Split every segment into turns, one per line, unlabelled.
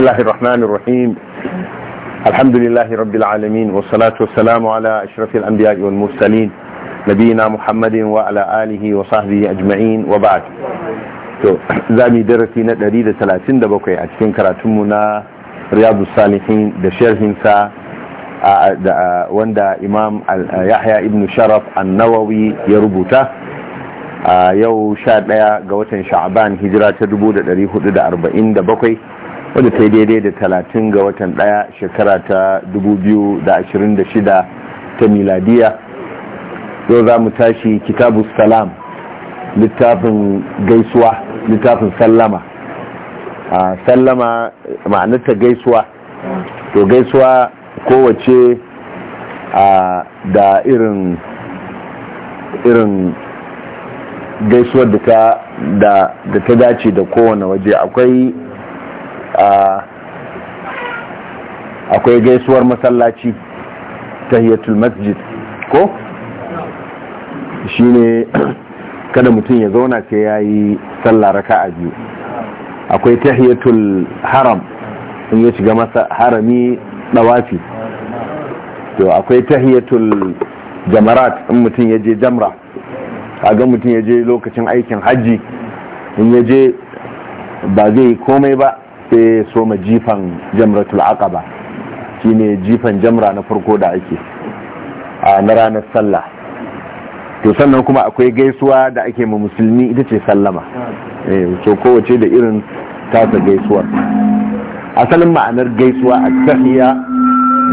الله الرحمن الرحيم الحمد لله رب العالمين والصلاة والسلام على أشرف الأنبياء والمرسلين نبينا محمد وعلى آله وصحبه أجمعين وبعد زامي درسي ندري ثلاثين دبوكي بوكي كراتمنا رياض الصالحين دا شرهنسا واندا إمام يحيى ابن شرف النووي يربوته يو شاد لها قوة شعبان هجرات sha'aban لريه ta dubu da wadda ta yi daidai da talatin ga watan daya shekara ta 2026 ta miladiya yau za mu tashi kitabu salam littafin gaisuwa littafin sallama a sallama ma'anarta gaisuwa to gaisuwa kowace a da irin irin gaisuwar da ta dace da kowane waje akwai akwai gaisuwar masallaci ta hiyatul masjid ko Shi ne kada mutum ya zauna sai yayi sallah raka'a biyu akwai ta hiyatul haram in ya shiga masa harami ɗawafi to akwai tahiyatul jamarat in mutum ya je jamra ga mutum ya je lokacin aikin hajji in ya je ba zai komai ba sai soma jifan jamratul aqaba shine jifan jamra na farko da ake a na ranar sallah to sannan kuma akwai gaisuwa da ake ma musulmi ita ce sallama so eh, kowace da irin tasa gaisuwar asalin ma'anar gaisuwa a tahiya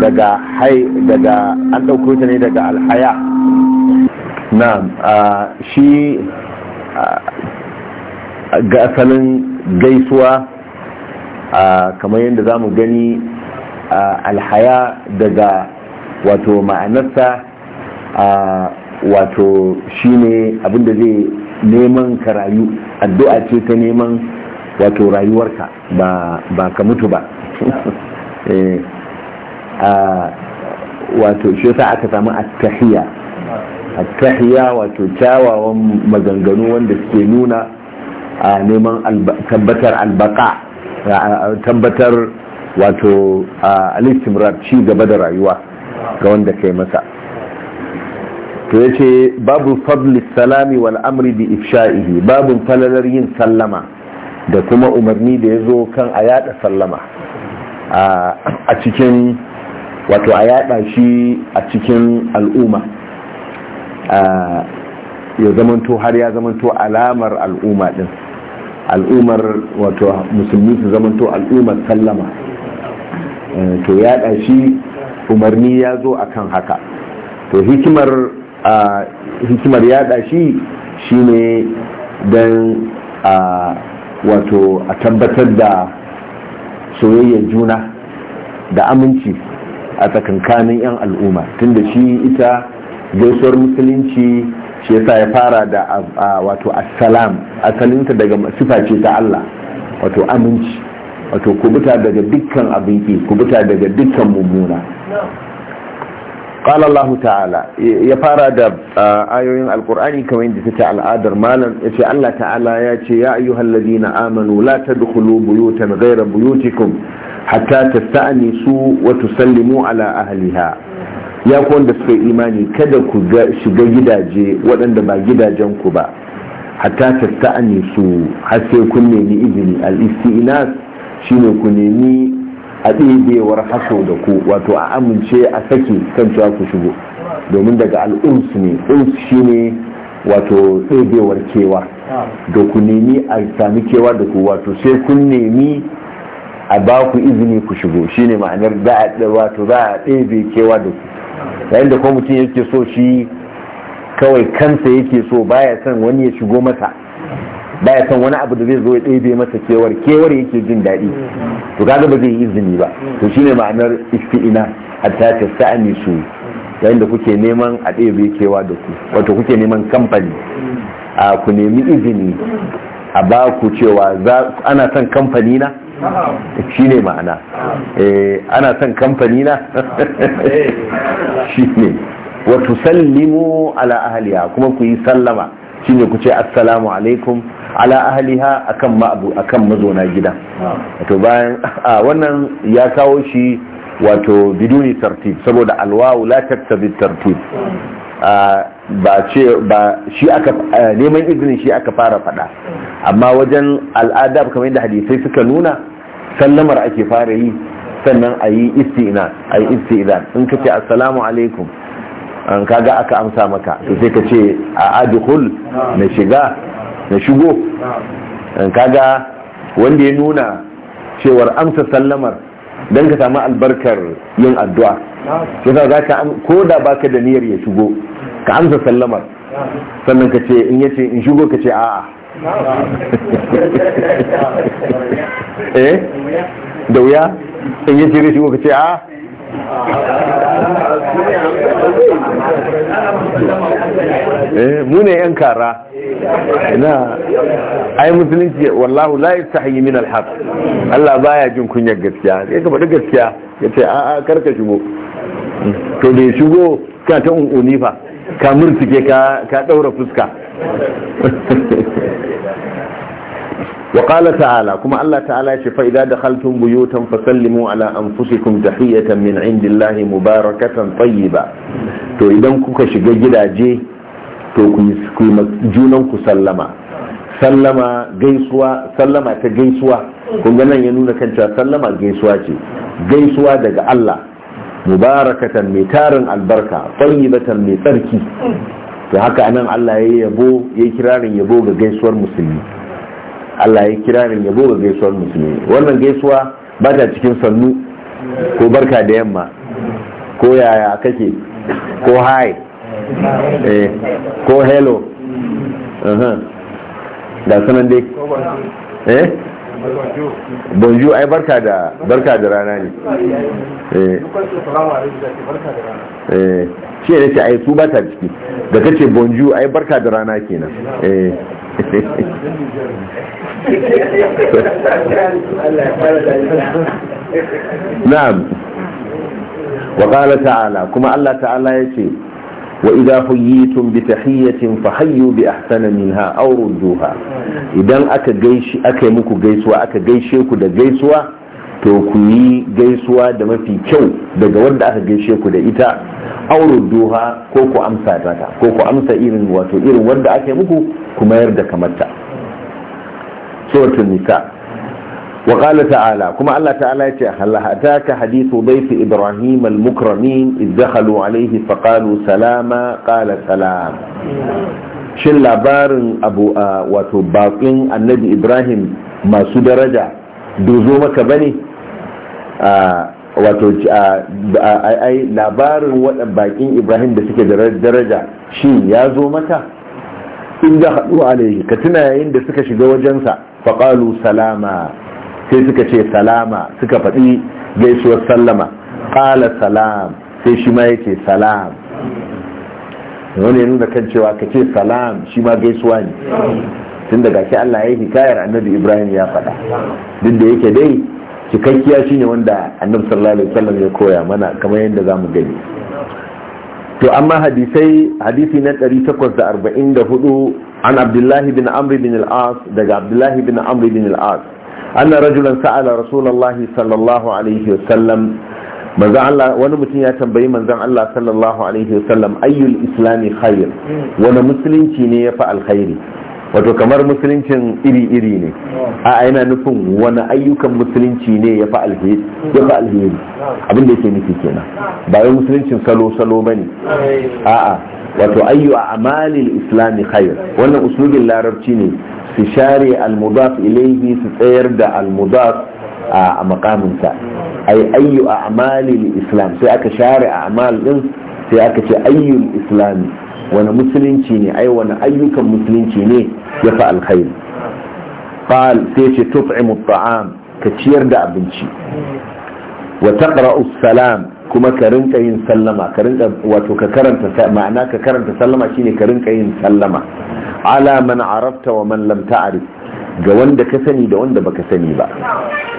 daga hai daga an ɗauko ta ne daga alhaya na shi ga asalin gaisuwa kamar yadda za mu gani alhaya daga wato ma'anarsa wato shine abinda zai neman ka rayu addu'a ce ta neman wato rayuwarka ba ka mutu ba eh, wato shi yasa aka samu attahiya attahiya wato kyawawan maganganu wanda suke nuna a neman tabbatar albaka tabbatar wato alistimrar ci gaba da rayuwa ga wanda kai masa to ya ce babu fadlis salami wal amri bi ifsha'ihi babu falalar yin sallama da kuma umarni da ya zo kan a yada sallama a cikin wato a yada shi a cikin al'umma ya zamanto har ya zamanto alamar al'umma din al'ummar wato musulmi su zamanto al'ummar sallama eh, to ya shi umarni ya zo a kan haka to hikimar hikimar yada shi ne don a wato a tabbatar da soyayyar juna da aminci a tsakankanin 'yan al'umma tunda shi ita gaisuwar musulunci shi yasa ya fara da wato assalam asalinta daga sifa ce ta Allah wato aminci wato kubuta daga dukkan ki kubuta daga dukkan mummuna قال الله تعالى يفارى دا آيوين القرآن كما يندفع الآدر مالا يتي الله تعالى يتي يا أيها الذين آمنوا لا تدخلوا بيوتا غير بيوتكم حتى تستأنسوا وتسلموا على أهلها ya ku wanda suka imani kada ku shiga gidaje waɗanda ba gidajen ku ba hatta sa'ani su har sai kun nemi izini al-istinas shine ku nemi a ɗebewar haso da ku wato a amince a sake kan cewa ku shigo domin daga al'urs ne shi shine wato ɗebewar kewa da ku nemi a sami kewa da ku wato sai kun nemi a ba ku izini ku shigo shine ma'anar da za a ɗebe kewa da ku yayin da kuma mutum yake so shi kawai kansa yake so baya son wani ya shigo masa baya son wani abu da zai zo ya ɗebe masa kewar kewar yake jin daɗi to kaga ba zai yi izini ba to shine ma'anar istina hatta ta sa'ani su yayin da kuke neman a ɗebe kewa da ku wato kuke neman kamfani a ku nemi izini a ba ku cewa ana son kamfani na shi ne ma'ana eh, ana son kamfani na shi ne wato sallimu ala ahaliya kuma ku yi sallama shi ne ku ce assalamu alaikum ala ahaliha akan ma'abu akan mazauna gida wato bayan wannan ya kawo shi wato biduni tartib saboda alwawu la tattabi tartib ba shi aka neman izinin shi aka fara fada amma wajen al'ada kamar yadda hadisai suka nuna sallamar ake fara yi sannan a yi isti'ina a yi in ka ce assalamu alaikum an kaga aka amsa maka to sai ka ce a adhul na shiga na shigo an kaga wanda ya nuna cewar amsa sallamar don ka samu albarkar yin addu'a yasa za ka ko da ba ka da niyyar ya shigo ka amsa sallamar sannan ka ce in ce in shigo ka ce a'a eh da wuya in ya shigo ka ce a'a Eh, mu ne yan kara ina ai musulunci wallahu la yastahi min alhaq Allah baya jin kunya gaskiya sai ka bada gaskiya yace a a'a karka shigo to da shigo ka ta unni fa ka murtike ka ka daura fuska wa ta'ala kuma Allah ta'ala ya ce fa idza dakhaltum buyutan fasallimu ala anfusikum tahiyatan min indillahi mubarakatan tayyiba to idan kuka shiga gidaje to ku yi junan ku sallama sallama gaisuwa sallama ta gaisuwa kun ga ya nuna kan cewa sallama gaisuwa ce gaisuwa daga Allah mubarakatan mai tarin albarka tayyibatan mai tsarki to haka anan Allah ya yabo ya kirarin yabo ga gaisuwar musulmi Allah ya kira ni yabo ga gaisuwar musulmi wannan gaisuwa ba ta cikin sannu ko barka da yamma ko yaya kake ko hi eh ko hello da uh-huh. sanan dai eh bonjour ai barka da barka da rana ne eh eh shi ne ce ai su ba ta ciki da kace bonjour ai barka da rana kenan eh na'am ta'ala kuma Allah ta'ala ya ce, wa idza tun bi tahiyatin fahayyu bi ahsana minha aw rudduha idan aka gaishi aka yi muku gaisuwa aka gaishe ku da gaisuwa to ku yi gaisuwa da mafi kyau daga wanda aka gaishe ku da ita auro duha ko ku amsa ta ko ku amsa irin wato irin wanda aka yi muku ku mayar da kamarta suratul nisa wa qala ta'ala kuma Allah ta'ala ya ce halaka hadithu bayt ibrahim al-mukramin id dakhalu alayhi fa salama qala salam shin labarin abu wato baƙin annabi ibrahim masu daraja dozo maka bane a wato ai labarin waɗanda bakin ibrahim da suke da daraja shi ya zo maka in da haɗu alaihi ka tuna yayin da suka shiga wajensa faƙalu salama sai suka ce salama suka faɗi gaisuwar sallama ƙala salam sai shi ma yake salam wani yanzu da kan cewa ka ce salam shi ma gaisuwa ne tun daga shi Allah ya yi hikayar annabi Ibrahim ya faɗa duk da yake dai cikakkiya shine wanda annabi sallallahu alaihi wasallam ya koya mana kamar yadda zamu gani to amma hadisai hadisi na 844 an Abdullahi bin Amr bin al-As daga Abdullahi bin Amr bin al-As anna rajulan sa'ala rasulullahi sallallahu alaihi wasallam manzan Allah wani mutum ya tambayi manzan Allah sallallahu alaihi wasallam ayyul islami khair wani musulunci ne ya fi alkhairi wato kamar musuluncin iri-iri ne a yana nufin wani ayyukan musulunci ne ya fa alheri abin da yake nufi kenan ba musuluncin salo-salo ba ne a'a wato ayyu a amalil islami khair wannan uslubin larabci ne su share almudaf ilaihi su tsayar da almudaf a makaminsa ay ayyu a amalil islam sai aka share a amal sai aka ce ayyul islami wani musulunci ne ai wani ayyukan musulunci ne ya fi alkhairi qal sai ce tut'imu at'am ka ciyar da abinci wa taqra'u salam kuma ka rinka yin sallama ka rinka wato ka karanta ma'ana ka karanta sallama shine ka rinka yin sallama ala man arafta wa man lam ta'rif ga wanda ka sani da wanda baka sani ba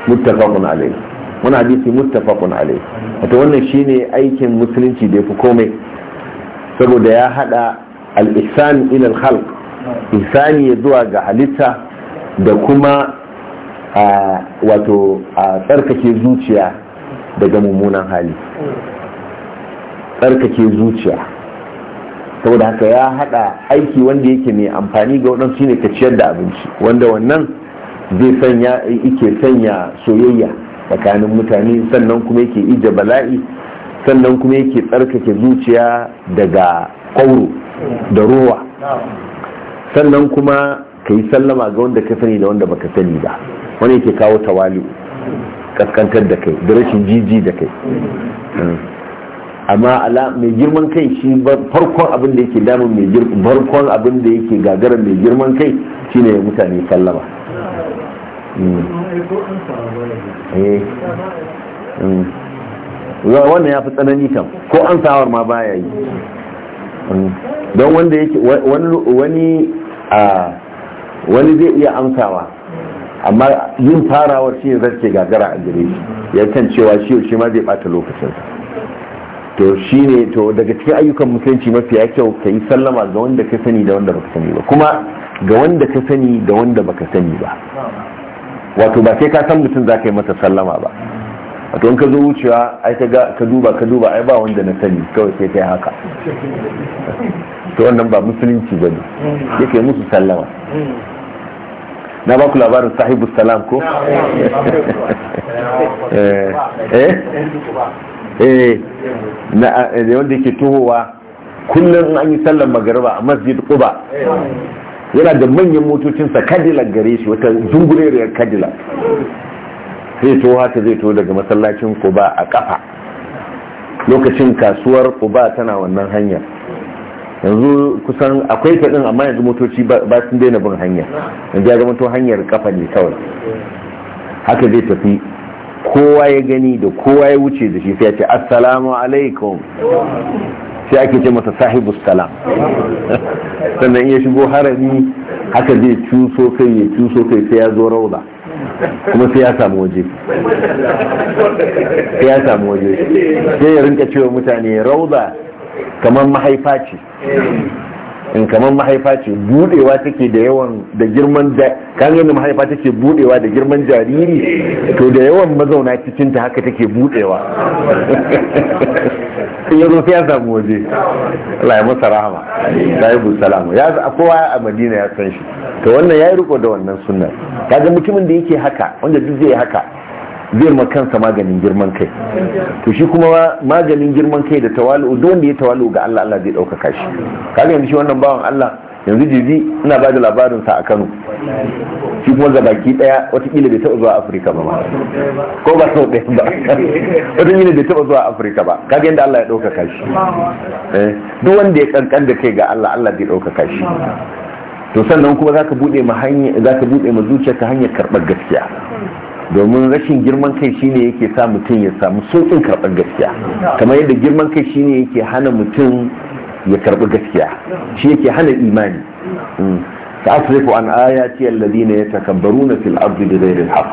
muttafaqun alayhi wannan hadisi muttafaqun alayhi wato wannan shine aikin musulunci da yafi komai saboda ya hada al-ihsan ila al-khalq ihsani zuwa ga halitta da kuma wato a tsarkake zuciya daga mummunan hali tsarkake zuciya saboda haka ya hada aiki wanda yake mai amfani ga wadansu ne ka ciyar da abinci wanda wannan zai sanya yake sanya soyayya tsakanin mutane sannan kuma yake ije bala'i sannan kuma yake tsarkake zuciya daga kwauro da ruwa sannan kuma ka yi sallama ga wanda ka sani da wanda baka sani ba wani yake kawo tawali kaskantar da kai da rashin jiji da kai amma ala mai girman kai shi farkon abin da yake damun mai girman farkon abin da yake gagarar mai girman kai shine mutane sallama hmm. Hmm. wannan ya fi tsanani kam ko an sawar ma baya yi don wanda yake wani a wani zai iya amsawa amma yin farawar shi ke gagara a gare shi ya kan cewa shi shi ma zai bata lokacin to shi ne to daga cikin ayyukan musulunci mafi ya kyau ka yi sallama ga wanda ka sani da wanda baka sani ba kuma ga wanda ka sani da wanda baka sani ba wato ba sai ka san mutum za ka yi masa sallama ba a to in ka zo wucewa ai ta ga ka duba ka duba ai ba wanda na sani kawai sai kai haka to wannan ba musulunci ba ne yake musu sallama na ba ku labarin sahibu salam ko eh. Eh. eh na eh, wanda yake tohowa kullum an yi sallar magariba a masjid quba yana da manyan motocinsa kadila gare shi wata zungureriyar kadila zai to haka zai to daga masallacin kuba a kafa lokacin kasuwar kuba tana wannan hanyar yanzu kusan akwai ta din amma yanzu motoci ba sun daina bin hanya yanzu ya zama to hanyar kafa ne kawai haka zai tafi kowa ya gani da kowa ya wuce da shi sai ya ce assalamu alaikum sai ake ce masa sahibu salam sannan ya shigo harami haka zai cuso kai ya cuso kai sai ya zo rauda kuma sai ya samu waje
sai ya samu waje sai ya rinka cewa
mutane rauda kamar mahaifa ce in kamar mahaifa ce budewa take da yawan da girman kan yadda mahaifa take budewa da girman jariri to da yawan mazauna cikin ta haka take budewa ya yazo sai ya samu waje Allah ya masa rahama sahibu salamu ya kowa a Madina ya san shi to wannan yayi riko da wannan sunnar kaga mutumin da yake haka wanda duk zai haka zai ma kansa maganin girman kai to shi kuma maganin girman kai da tawalu duk wanda ya tawalu ga Allah Allah zai ɗaukaka shi kaga yanzu shi wannan bawan Allah yanzu jibi ina ba da labarin sa a Kano shi kuma ga baki daya watakila bai taɓa zuwa Afirka ba ma ko ba so ɗaya ba watakila bai taɓa zuwa Afirka ba kaga yanda Allah ya ɗaukaka shi eh, duk wanda ya kankan da kai ga Allah Allah zai ɗaukaka shi to sannan kuma zaka bude ma hanya zaka bude ma ta hanyar karɓar gaskiya domin rashin girman kai shine yake sa mutum ya samu sauƙin karɓar gaskiya kamar yadda girman kai shine yake hana mutum ya karɓi gaskiya shi yake hana imani ta'asrifu mm. an ya takabbaru na fil ardi da al-haqq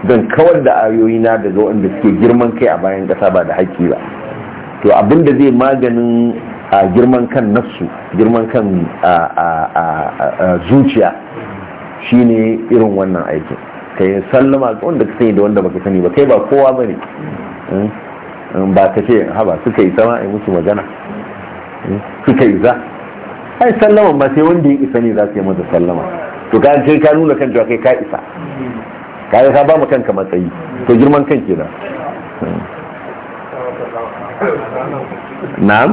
Don kawar da ayoyi na daga wanda suke girman kai a bayan ƙasa ba da haƙƙi ba to abinda zai maganin a girman kan nafsu girman kan zuciya shine irin wannan aikin ka yi sallama ga wanda ka sani da wanda baka sani ba kai ba kowa ba ne hmm? hmm, ba ka ce haba suka yi sama a musu magana hmm? suka yi za ai sallama ba sai wanda ya isa ne za su yi masa sallama to ka ce ka nuna kan cewa kai ka isa ka yi ka ba mu kanka matsayi to girman kan ke
na'am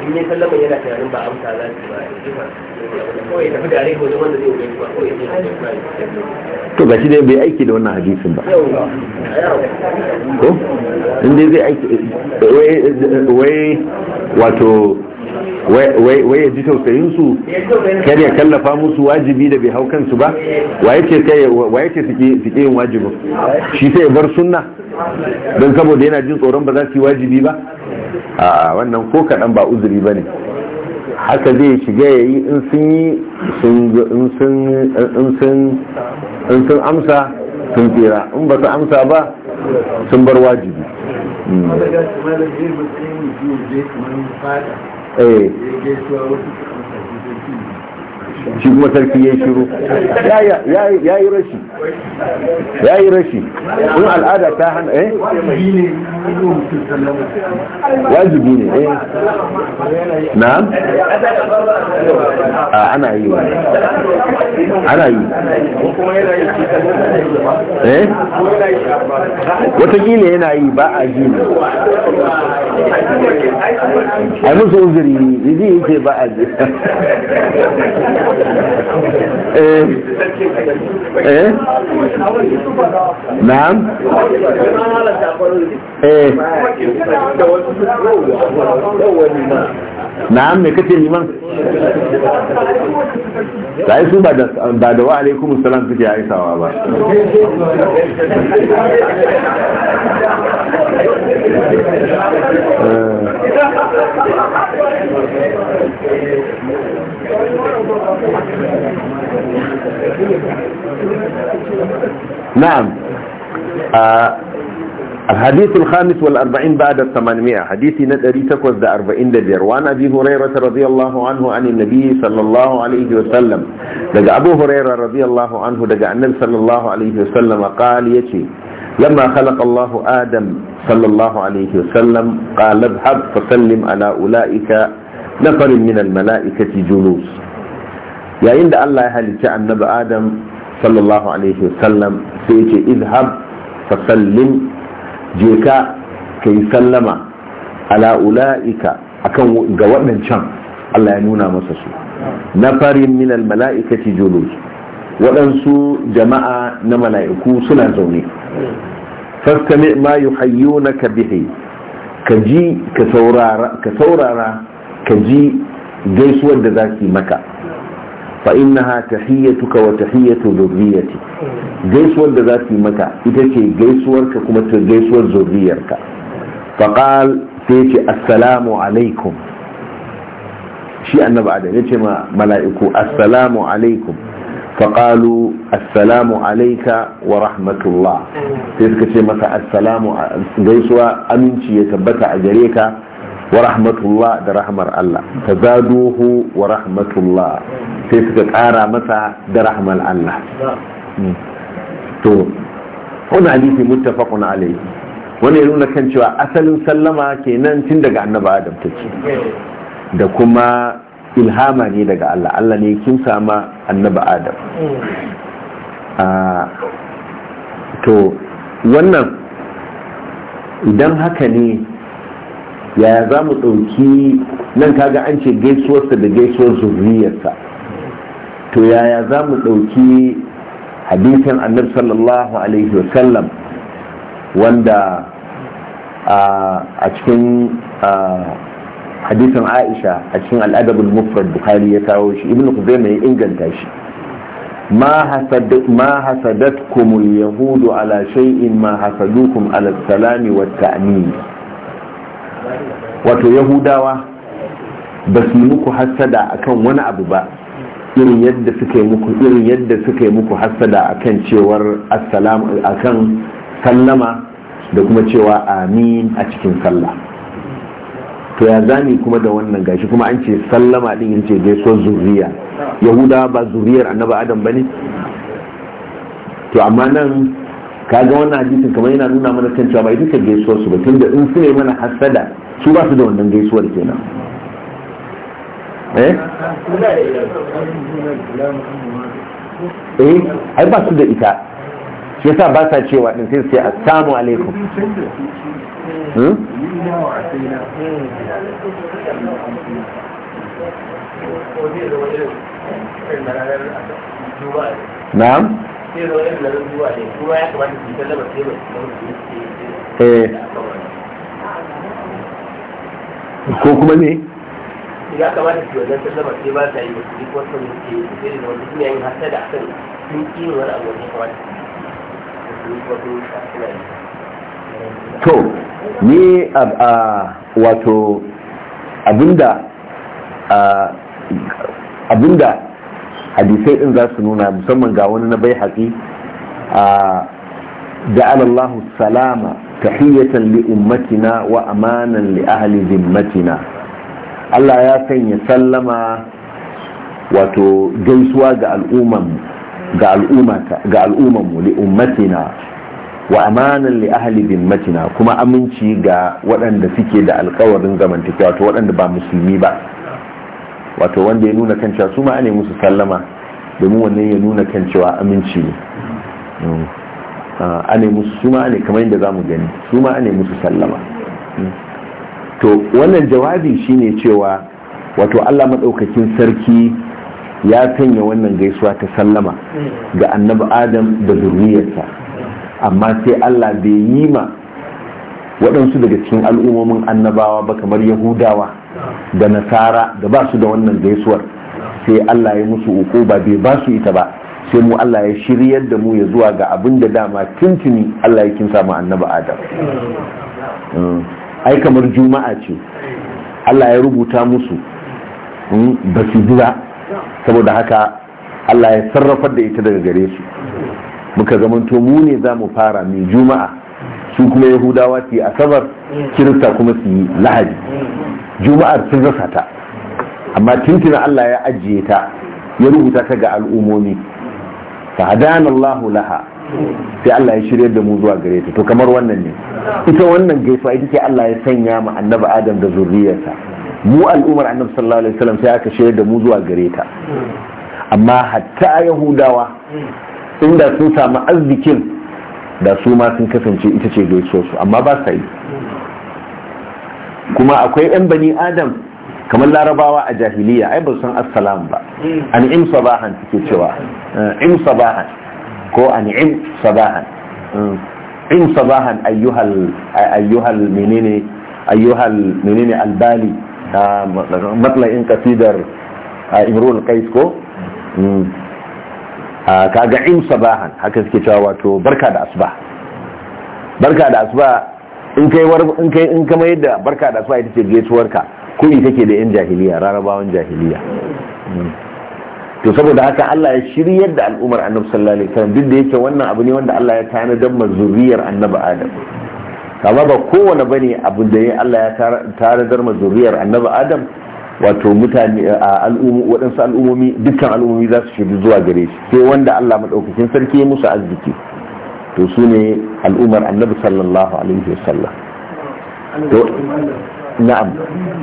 in sallama yana tunanin ba amsa za su ba kawai tafi da wajen wanda zai ba kawai
to gashi dai bai aiki da wannan hadisin ba ko inda zai aiki wai wato wai ya ji tausayin su kar ya kallafa musu wajibi da bai hau kansu ba waye ce kai suke yin wajibin shi sai ya bar sunna don saboda yana jin tsoron ba za su yi wajibi ba a wannan ko kaɗan ba uzuri ba ne haka zai shiga ya yi in sun yi in sun amsa sun tsira in ba su amsa ba sun bar wajibi
hmm. eh
shi kuma sarki ya yi shiru ya yi rashi ya yi rashi in al'ada ta hana eh
wajibi ne eh na
a ana yi wa ana yi
eh watakila
yana yi ba a ji ne a musu uzuri zai yi ce ba a ji
eh eh na'am eh
na'am me kace ba da ba da wa alaikum salam suke ba eh. نعم آه، الحديث الخامس والأربعين بعد الثمانمائة حديث ندري تكوز ذا أربعين دجر وعن أبي هريرة رضي الله عنه عن النبي صلى الله عليه وسلم دقى أبو هريرة رضي الله عنه دقى النبي صلى الله عليه وسلم قال يتي لما خلق الله آدم صلى الله عليه وسلم قال اذهب فسلم على أولئك نفر من الملائكة جلوس yayin da Allah ya halicci annabi Adam sallallahu alaihi wasallam sai ya ce izhab fa sallim je ka kai sallama ala ulaika akan ga waɗancan Allah ya nuna masa su na farin min al mala'ikati julus waɗansu jama'a na mala'iku suna zaune fastami ma yuhayyunaka bihi ka ji ka saurara ka saurara ka ji gaisuwar da zaki maka فإنها تحيتك وتحية ذريتي جيسور ذاتي مكا إتكي جيسورك كما جيسور ذريتك فقال سيتي السلام عليكم شيء النبي آدم يتي ما ملائكو السلام عليكم فقالوا السلام عليك ورحمة الله سيتكي مسا السلام جيسور أمنشي يتبتع جريكا wa rahmatullah da rahmar Allah ta zaduhu wa rahmatullah sai suka ƙara masa da rahmar Allah hmm. to wani hadisi muttafaqun alayhi wani ya nuna kan cewa asalin sallama kenan tun daga annaba Adam take da kuma ilhama ne daga Allah Allah ne kin sama annaba Adam ah, to wannan idan haka ne yaya za mu ɗauki nan kaga an ce gaisuwarsa da gaisuwar zuriyarsa to yaya za mu ɗauki hadisin annab sallallahu alaihi wasallam wanda a cikin hadisin aisha a cikin al'adabul mufrad bukhari ya kawo shi ibn kuzaima ya inganta shi ala حسدتكم اليهود ma شيء ما حسدوكم على السلام والتأمين wato yahudawa ba su yi muku hassada akan wani abu ba irin yadda suka yi muku irin yadda suka yi muku hassada akan cewar assalamu akan sallama da kuma cewa amin a cikin sallah to ya zani kuma da wannan gashi kuma an ce sallama din in ce gaiso zuriya yahudawa ba zuriyar annaba adam ne? to amma nan kaga wannan hadisin kamar yana nuna mana kan cewa bai duka gaisuwar su ba tunda in su ne mana hasada su ba su da wannan gaisuwar kenan eh eh ai ba su da ita shi yasa ba sa cewa din sai sai, assalamu alaikum
hmm?
na'am sai zo ne ya kamata su yi sallama ba ko kuma ne ya kamata su wannan sallama sai ba ta yi ba su yi wasu ne ke yi da wani suna yin hasada a kan sun ƙi yin wani abu wani kamata su yi wasu suna yi
to ni a wato abinda abinda hadisai din za su nuna musamman ga wani na bai haƙi a ja'alallahu salama tahiyatan li ummatina wa amanan li ahli zimmatina Allah ya sanya sallama wato gaisuwa ga al'umman ga al'ummata ga mu li ummatina wa amanan li ahli zimmatina kuma aminci ga waɗanda suke da alƙawarin zamantakewa to waɗanda ba musulmi ba wato wanda ya nuna kan cewa su ma ne musu sallama domin wannan ya nuna kan cewa aminci ne mm. a ah, ne musu su ma ne kamar yadda za mu gani su ma ne musu sallama mm. to wannan jawabi shine cewa wato allah maɗaukakin sarki ya sanya wannan gaisuwa ta sallama ga annabi adam da zurriyarsa amma sai allah bai yi ma waɗansu daga cikin al'ummomin annabawa ba kamar yahudawa da nasara da ba su da wannan gaisuwar sai Allah ya musu ukuba bai ba su ita ba sai mu Allah ya shiryar da mu ya zuwa ga abin da dama tuntuni Allah ya kinsa mu annaba Adam mm. ai kamar juma'a ce Allah ya rubuta musu mm, ba su jira saboda haka Allah ya sarrafar da ita daga gare su muka zamanto mu ne za mu fara mai juma'a su kuma yahudawa su yi asabar kirista kuma su yi lahadi juma'ar sun rasa ta amma tintina allah ya ajiye ta ya rubuta ta ga al'umomi fa hadana allah laha sai allah ya shirya da mu zuwa gare ta to kamar wannan ne ita wannan gaisuwa ita ce allah ya sanya mu annabi adam da zurriyarsa mu al'ummar annabi sallallahu alaihi wasallam sai aka shirya da mu zuwa gare ta amma hatta yahudawa inda sun samu arzikin da su ma sun kasance ita ce su amma ba sa yi kuma akwai 'yan bani adam kamar larabawa a jahiliya ai ba san assalamu ba an im sabahan suke cewa im sabahan ko an im sabahan im sabahan ayyuhal ayyuhal menene ayyuhal menene albali matla'in kasidar imrul qais ko Ah, kaga in sabahan haka suke cewa wato barka da asuba barka da asuba in kai in kai in kama yadda barka da asuba ita ce gaisuwarka kuɗi take da yan jahiliya rarabawan jahiliya
hmm.
to saboda haka Allah ya shiryar da al'umar annabi sallallahu alaihi wasallam duk da yake wannan abu ne wanda Allah ya tanadar ma zuriyar annabi Adam Kamar ba kowane bane abu da Allah ya tanadar ma zuriyar annabi Adam wato mutane a waɗansu al'ummomi dukkan al'ummomi za su shaidu zuwa gare shi sai wanda Allah maɗaukakin sarki ya musu arziki to su ne al'ummar annabi sallallahu alaihi wasallam na'am gaskiya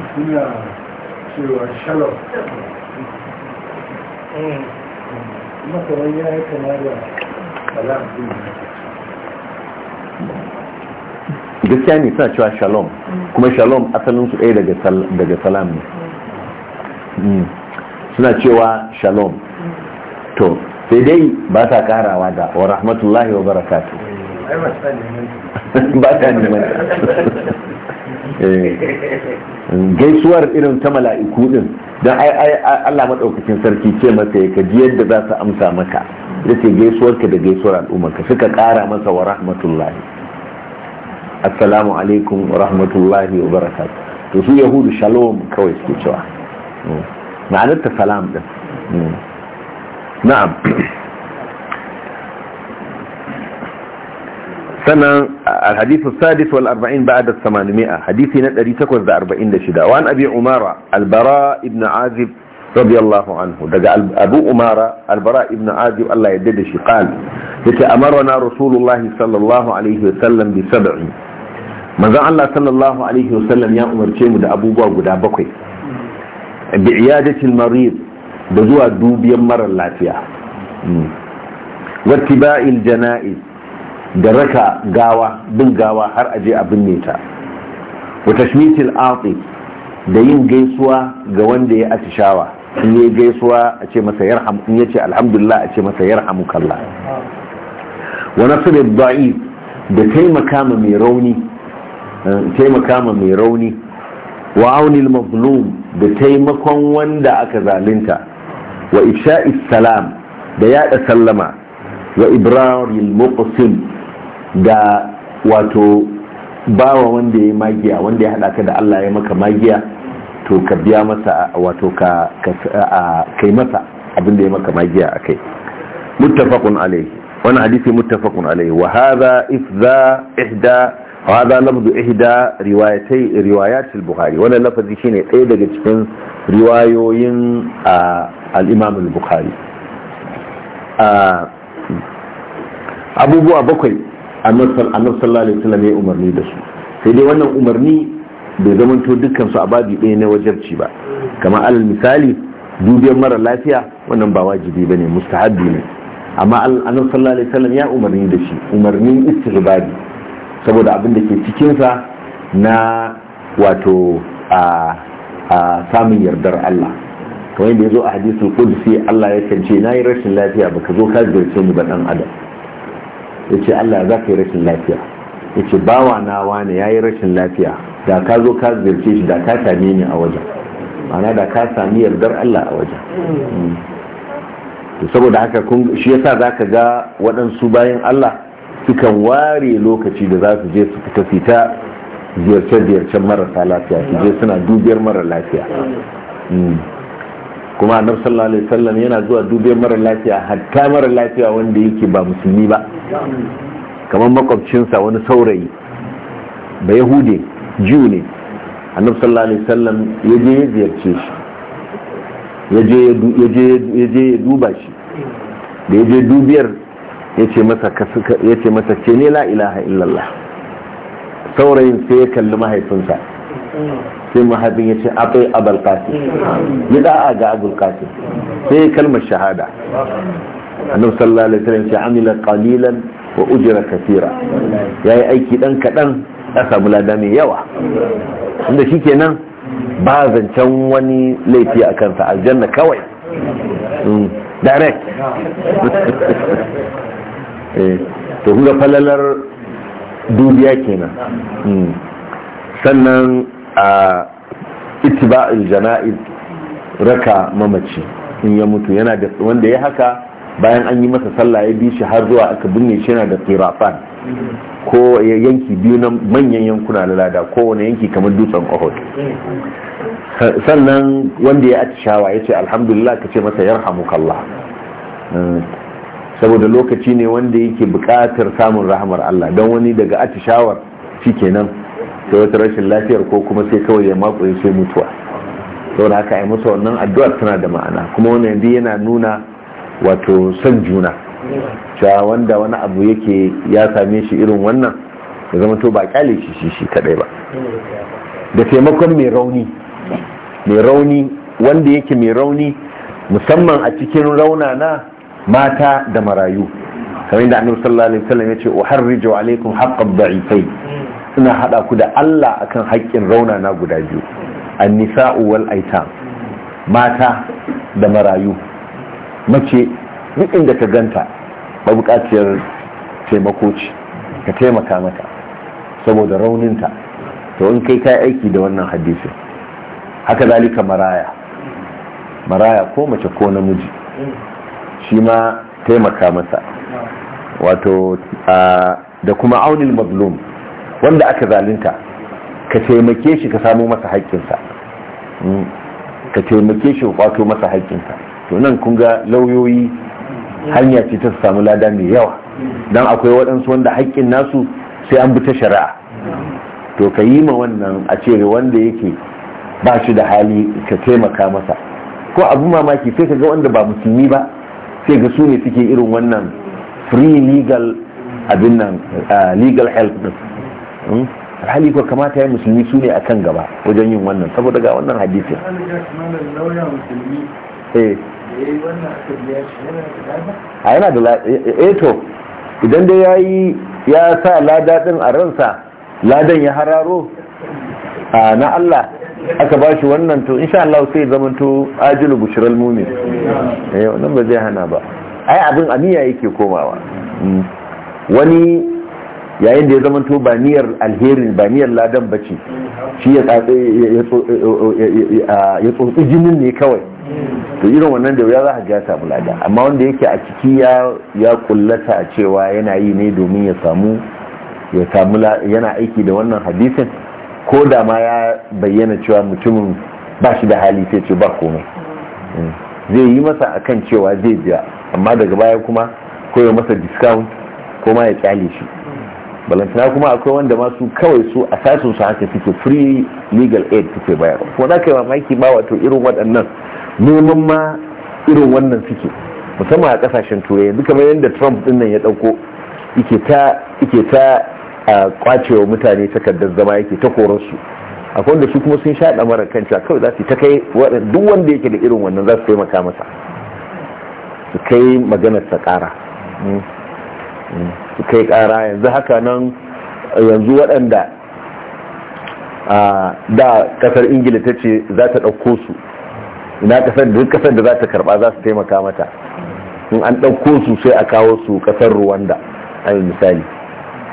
ne suna cewa shalom kuma shalom asalinsu ɗaya daga salam ne Hmm. suna cewa shalom to sai dai ba ta karawa da wa rahmatullahi wa barakatu
ba ta neman
eh. gaisuwar irin ta mala'iku din don ai Allah maɗaukacin sarki ce masa ya ji yadda za su amsa maka da ce gaisuwarka da gaisuwar al'ummarka suka ƙara masa wa rahmatullahi assalamu alaikum wa rahmatullahi wa barakatu to su yahudu shalom kawai suke cewa معناته السلام ده نعم سنة الحديث السادس والأربعين بعد الثمانمائة حديث نتري تكوز أربعين لشدة وعن أبي عمارة البراء ابن عازب رضي الله عنه دقى أبو عمارة البراء ابن عازب الله يددش قال لكي أمرنا رسول الله صلى الله عليه وسلم بسبع ماذا الله صلى الله عليه وسلم يا أمر شيمد أبو بوغ دابكي bi'iyadatil marid da zuwa dubiyan mara lafiya mm. wattiba'il jana'i da raka gawa bin gawa har aje a binne ta wa tashmitil atif da yin gaisuwa ga wanda ya atishawa in yi gaisuwa a ce masa yarham in yace alhamdulillah a ce masa yarhamukallah wa nasr da'if da taimaka ma mai rauni eh, taimaka ma mai rauni wa aunil mazlum da taimakon wanda aka zalunta wa isha'i salam da yada sallama wa ibrahim muqsim da wato bawa wanda ya magiya wanda ya hada ka da Allah ya maka magiya to ka biya masa wato ka kai masa abin da ya maka magiya akai muttafaqun alayhi wannan hadisi muttafaqun alayhi wa hadha ifza ihda hada lafzu ihda riwayatai riwayatil bukhari wannan lafazi shine ɗaya daga cikin riwayoyin al-imam al-bukhari abubuwa bakwai annabi sallallahu alaihi wasallam ya umarni da su sai dai wannan umarni bai zamanto dukkan su a babi ɗaya na wajabci ba kamar alal misali dubiyar mara lafiya wannan ba wajibi bane mustahabbi ne amma annabi sallallahu alaihi wasallam ya umarni da shi umarnin istihbabi saboda abin da ke cikinsa na wato a samun yardar Allah kamar yadda ya zo a hadisul sai Allah ya kance na yi rashin lafiya ba ka zo ka ziyarce ni ba dan adam Ya ce Allah za ka yi rashin lafiya Ya ba bawa na wane yi rashin lafiya da ka zo ka ziyarce shi da ka sami ni a wajen ma'ana da ka sami yardar Allah a wajen hmm. saboda haka shi yasa ka ga waɗansu bayan Allah sukan ware lokaci da za su je su fita fita ziyarce-ziyarcen marasa lafiya su je suna dubiyar mara lafiya mm. kuma a sallallahu alaihi wasallam yana zuwa dubiyar mara lafiya hatta mara lafiya wanda yake ba musulmi ba kamar makwabcinsa wani saurayi ba yahude jiwu ne A sallallahu alaihi wasallam ya je ya ziyarce shi ya je ya duba shi da ya je dubiyar ya ce masa ce ne la ilaha illallah saurayin sai ya kalli mahaifinsa sai mahaifin ya ce abai abal mm. ya da'a ga abul qasim sai kalmar shahada annabi sallallahu alaihi wasallam ya amila qalilan wa ujra kathira yayi aiki dan kadan ya samu lada mai yawa inda shikenan ba zancen wani laifi a kansa aljanna kawai mm. direct Eh, to kun falalar dubiya kenan hmm. sannan a itiba'il jana'iz raka mamaci in ya mutu yana da wanda ya haka bayan an yi masa sallah ya bi shi har zuwa aka binne shi yana da tirafan ko yanki biyu na manyan yankuna na lada kowane yanki kamar dutsen ohod sannan wanda ya atishawa ya ce alhamdulillah ka ce masa yarhamukallah hmm. saboda lokaci ne wanda yake buƙatar samun rahamar Allah don wani daga atishawar nan, sai wata rashin lafiyar ko kuma sai kawai ya mako ya sai mutuwa saboda haka ai masa wannan addu'ar tana da ma'ana kuma wannan yanzu yana nuna wato son juna cewa wanda wani abu yake ya same shi irin wannan ya zama to ba kyale shi shi shi kadai ba da taimakon mai rauni mai rauni wanda yake mai rauni musamman a cikin rauna na mata da marayu kamar yadda annabi sallallahu alaihi wasallam yace uharriju alaikum haqqan da'ifai ina hada ku da Allah akan haƙƙin rauna na guda biyu an-nisa'u wal aitam mata da marayu mace duk inda ka ganta ba buƙatar taimako ce ka taimaka mata saboda rauninta to in kai kai aiki da wannan hadisin haka zalika maraya maraya ko mace ko namiji shi ma taimaka masa wato da kuma aunin mazlum wanda aka zalunta ka taimake shi ka samu masa haƙƙinsa hmm. ka taimake shi kwato masa haƙƙinsa to nan kun ga lauyoyi hanya ce ta samu lada mai yawa don akwai waɗansu wanda haƙƙin nasu sai an bi ta shari'a to ka yi ma wannan a ce wanda yake ba shi da hali ka taimaka masa ko abu mamaki sai ka ga wanda ba musulmi ba sai ga su ne suke irin wannan free legal abin nan legal health din hmm? alhali ko kamata ya musulmi su ne akan gaba wajen yin wannan saboda ga wannan hadisi eh. Eh, a yana da eto eh, idan dai ya yi ya sa lada a ransa ladan ya hararo na Allah aka ba shi wannan to insha Allah sai to ajilu bushral mumin eh wannan ba zai hana ba ai abin aniya yake komawa mm. wani yayin da ya zamanto ba niyyar alheri ba niyyar ladan bace shi ya tsatsa ya tsotsi jinin ne kawai to irin wannan da ya za ka gasa bulada amma wanda yake a ciki ya ya kullata cewa yana yi ne domin ya samu ya samu yana aiki da wannan hadisin ko da ma ya bayyana cewa mutumin ba shi da hali sai ce ba komai mm. zai yi masa akan cewa zai biya amma daga baya kuma ko ya masa discount ko ma ya kyale shi balantana kuma akwai wanda masu kawai su a sasun su haka suke free legal aid suke bayar ko na kai mamaki ba wato irin waɗannan neman ma irin wannan suke musamman a ƙasashen turai yanzu kamar yadda trump din ya ɗauko ike ta a kwacewa mutane takardar zama yake ta koransu akwai wanda su kuma sun sha mara kanta kawai za su ta kai duk wanda yake da irin wannan za su taimaka masa su kai maganar ta kara hmm. hmm. su kai kara yanzu haka nan yanzu waɗanda da kasar ingila ta ce za ta ɗauko su ina kasar duk kasar da za ta karɓa za su taimaka mata in an ɗauko su sai a kawo su kasar rwanda a misali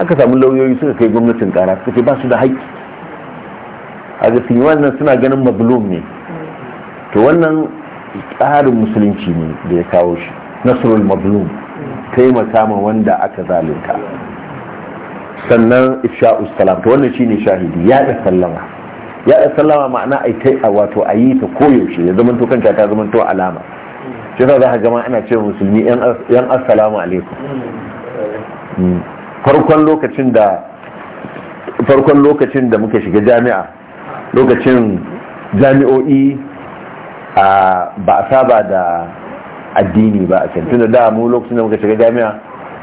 aka samu lauyoyi suka kai gwamnatin kara suka ce ba su da haƙƙi a ga sun yi wannan suna ganin mazlum ne to wannan tsarin musulunci ne da ya kawo shi nasrul mazlum taimaka ma wanda aka zalunta sannan isha'u salam to wannan shine shahidi ya da sallama ya da sallama ma'ana a kai a wato a yi ta koyaushe ya zama to kanta ta zama to alama shi za ka ga ma ana cewa musulmi yan assalamu alaikum hmm. farkon lokacin da farkon muka shiga jami'a lokacin jami'o'i ba a saba da addini ba a cikin da mu lokacin da muka shiga jami'a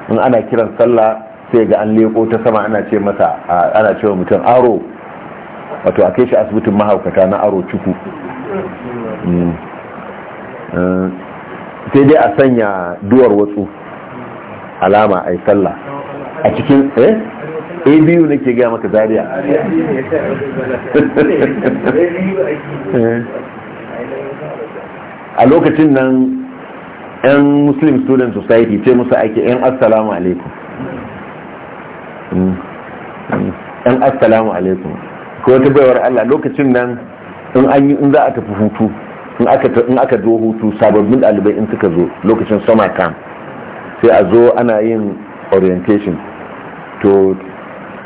in ana kiran sallah sai ga an leko ta sama ana ce masa ana ce wa mutum aro wato a kai shi asibitin mahaukata na aro cuku mm. eh, sai dai a sanya duwar watsu alama a yi sallah a cikin eh a biyu nake gaya maka zaria a lokacin nan yan muslim student society ce musu ake yan assalamu alaikum mm. Mm. yan assalamu alaikum ko wata baiwar allah lokacin nan in an yi in za a tafi hutu in aka zo hutu sababbin ɗalibai in suka zo lokacin summer camp sai a zo ana yin orientation to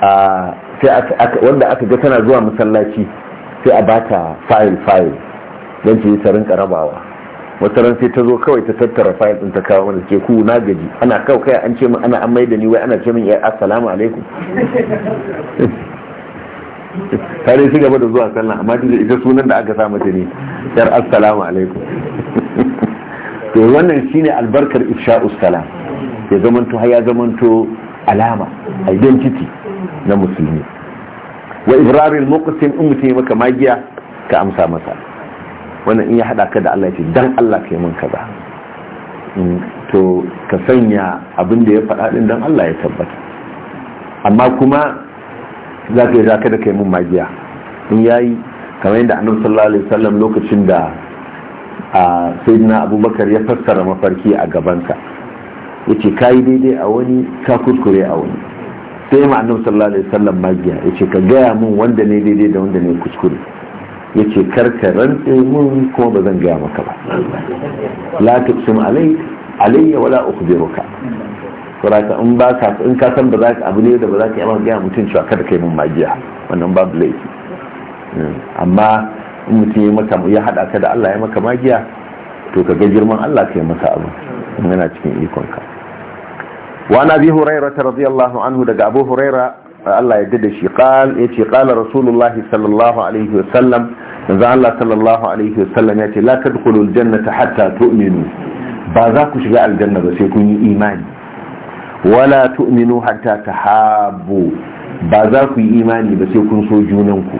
a sai wanda aka ga tana zuwa masallaci sai a bata fayil fayil don ce ta rinka rabawa wata ran sai ta zo kawai ta tattara fayil din ta kawo mana ce ku na gaji ana kawai kai an ce min ana an maida ni wai ana ce min ya eh, assalamu alaikum tare shi gaba da zuwa sallah amma tunda ita sunan da aka samu ta ne yar assalamu alaikum to wannan shine albarkar ifsha'us salam ya zamanto har ya zamanto alama identity na musulmi wa Ibrahim muqsim in mutum maka magiya ka amsa masa wannan in ya hada ka da Allah ce dan Allah kai mun kaza mm, to ka sanya abin ya faɗa din dan Allah ya tabbata amma kuma za ka yi za ka da kai mun magiya in yayi kamar yadda annabi sallallahu alaihi wasallam lokacin da a sayyidina abubakar ya fassara mafarki a ka yace kai daidai a wani ka kuskure a wani sai ma annabi sallallahu alaihi wasallam magiya yace ka gaya mun wanda ne daidai da wanda ne kuskure yace karka rantse mun kuma ba zan gaya maka ba la tuqsim alai alayya wala ukhbiruka saboda in ba ka in ka san ba za ka abu ne da ba za ka yi gaya mutum cewa kada kai mun magiya wannan babu laifi hmm. amma in mutum ya maka ya hada ka da Allah ya maka magiya to ka ga girman Allah kai masa abu yana cikin ikonka wa na bi huraira ta anhu daga abu huraira Allah ya da shi qal yace qala rasulullah sallallahu alaihi wasallam yanzu yace la tadkhulul jannata hatta tu'minu ba za ku shiga aljanna ba sai kun yi imani wala tu'minu hatta tahabbu ba za ku yi imani ba sai kun so junanku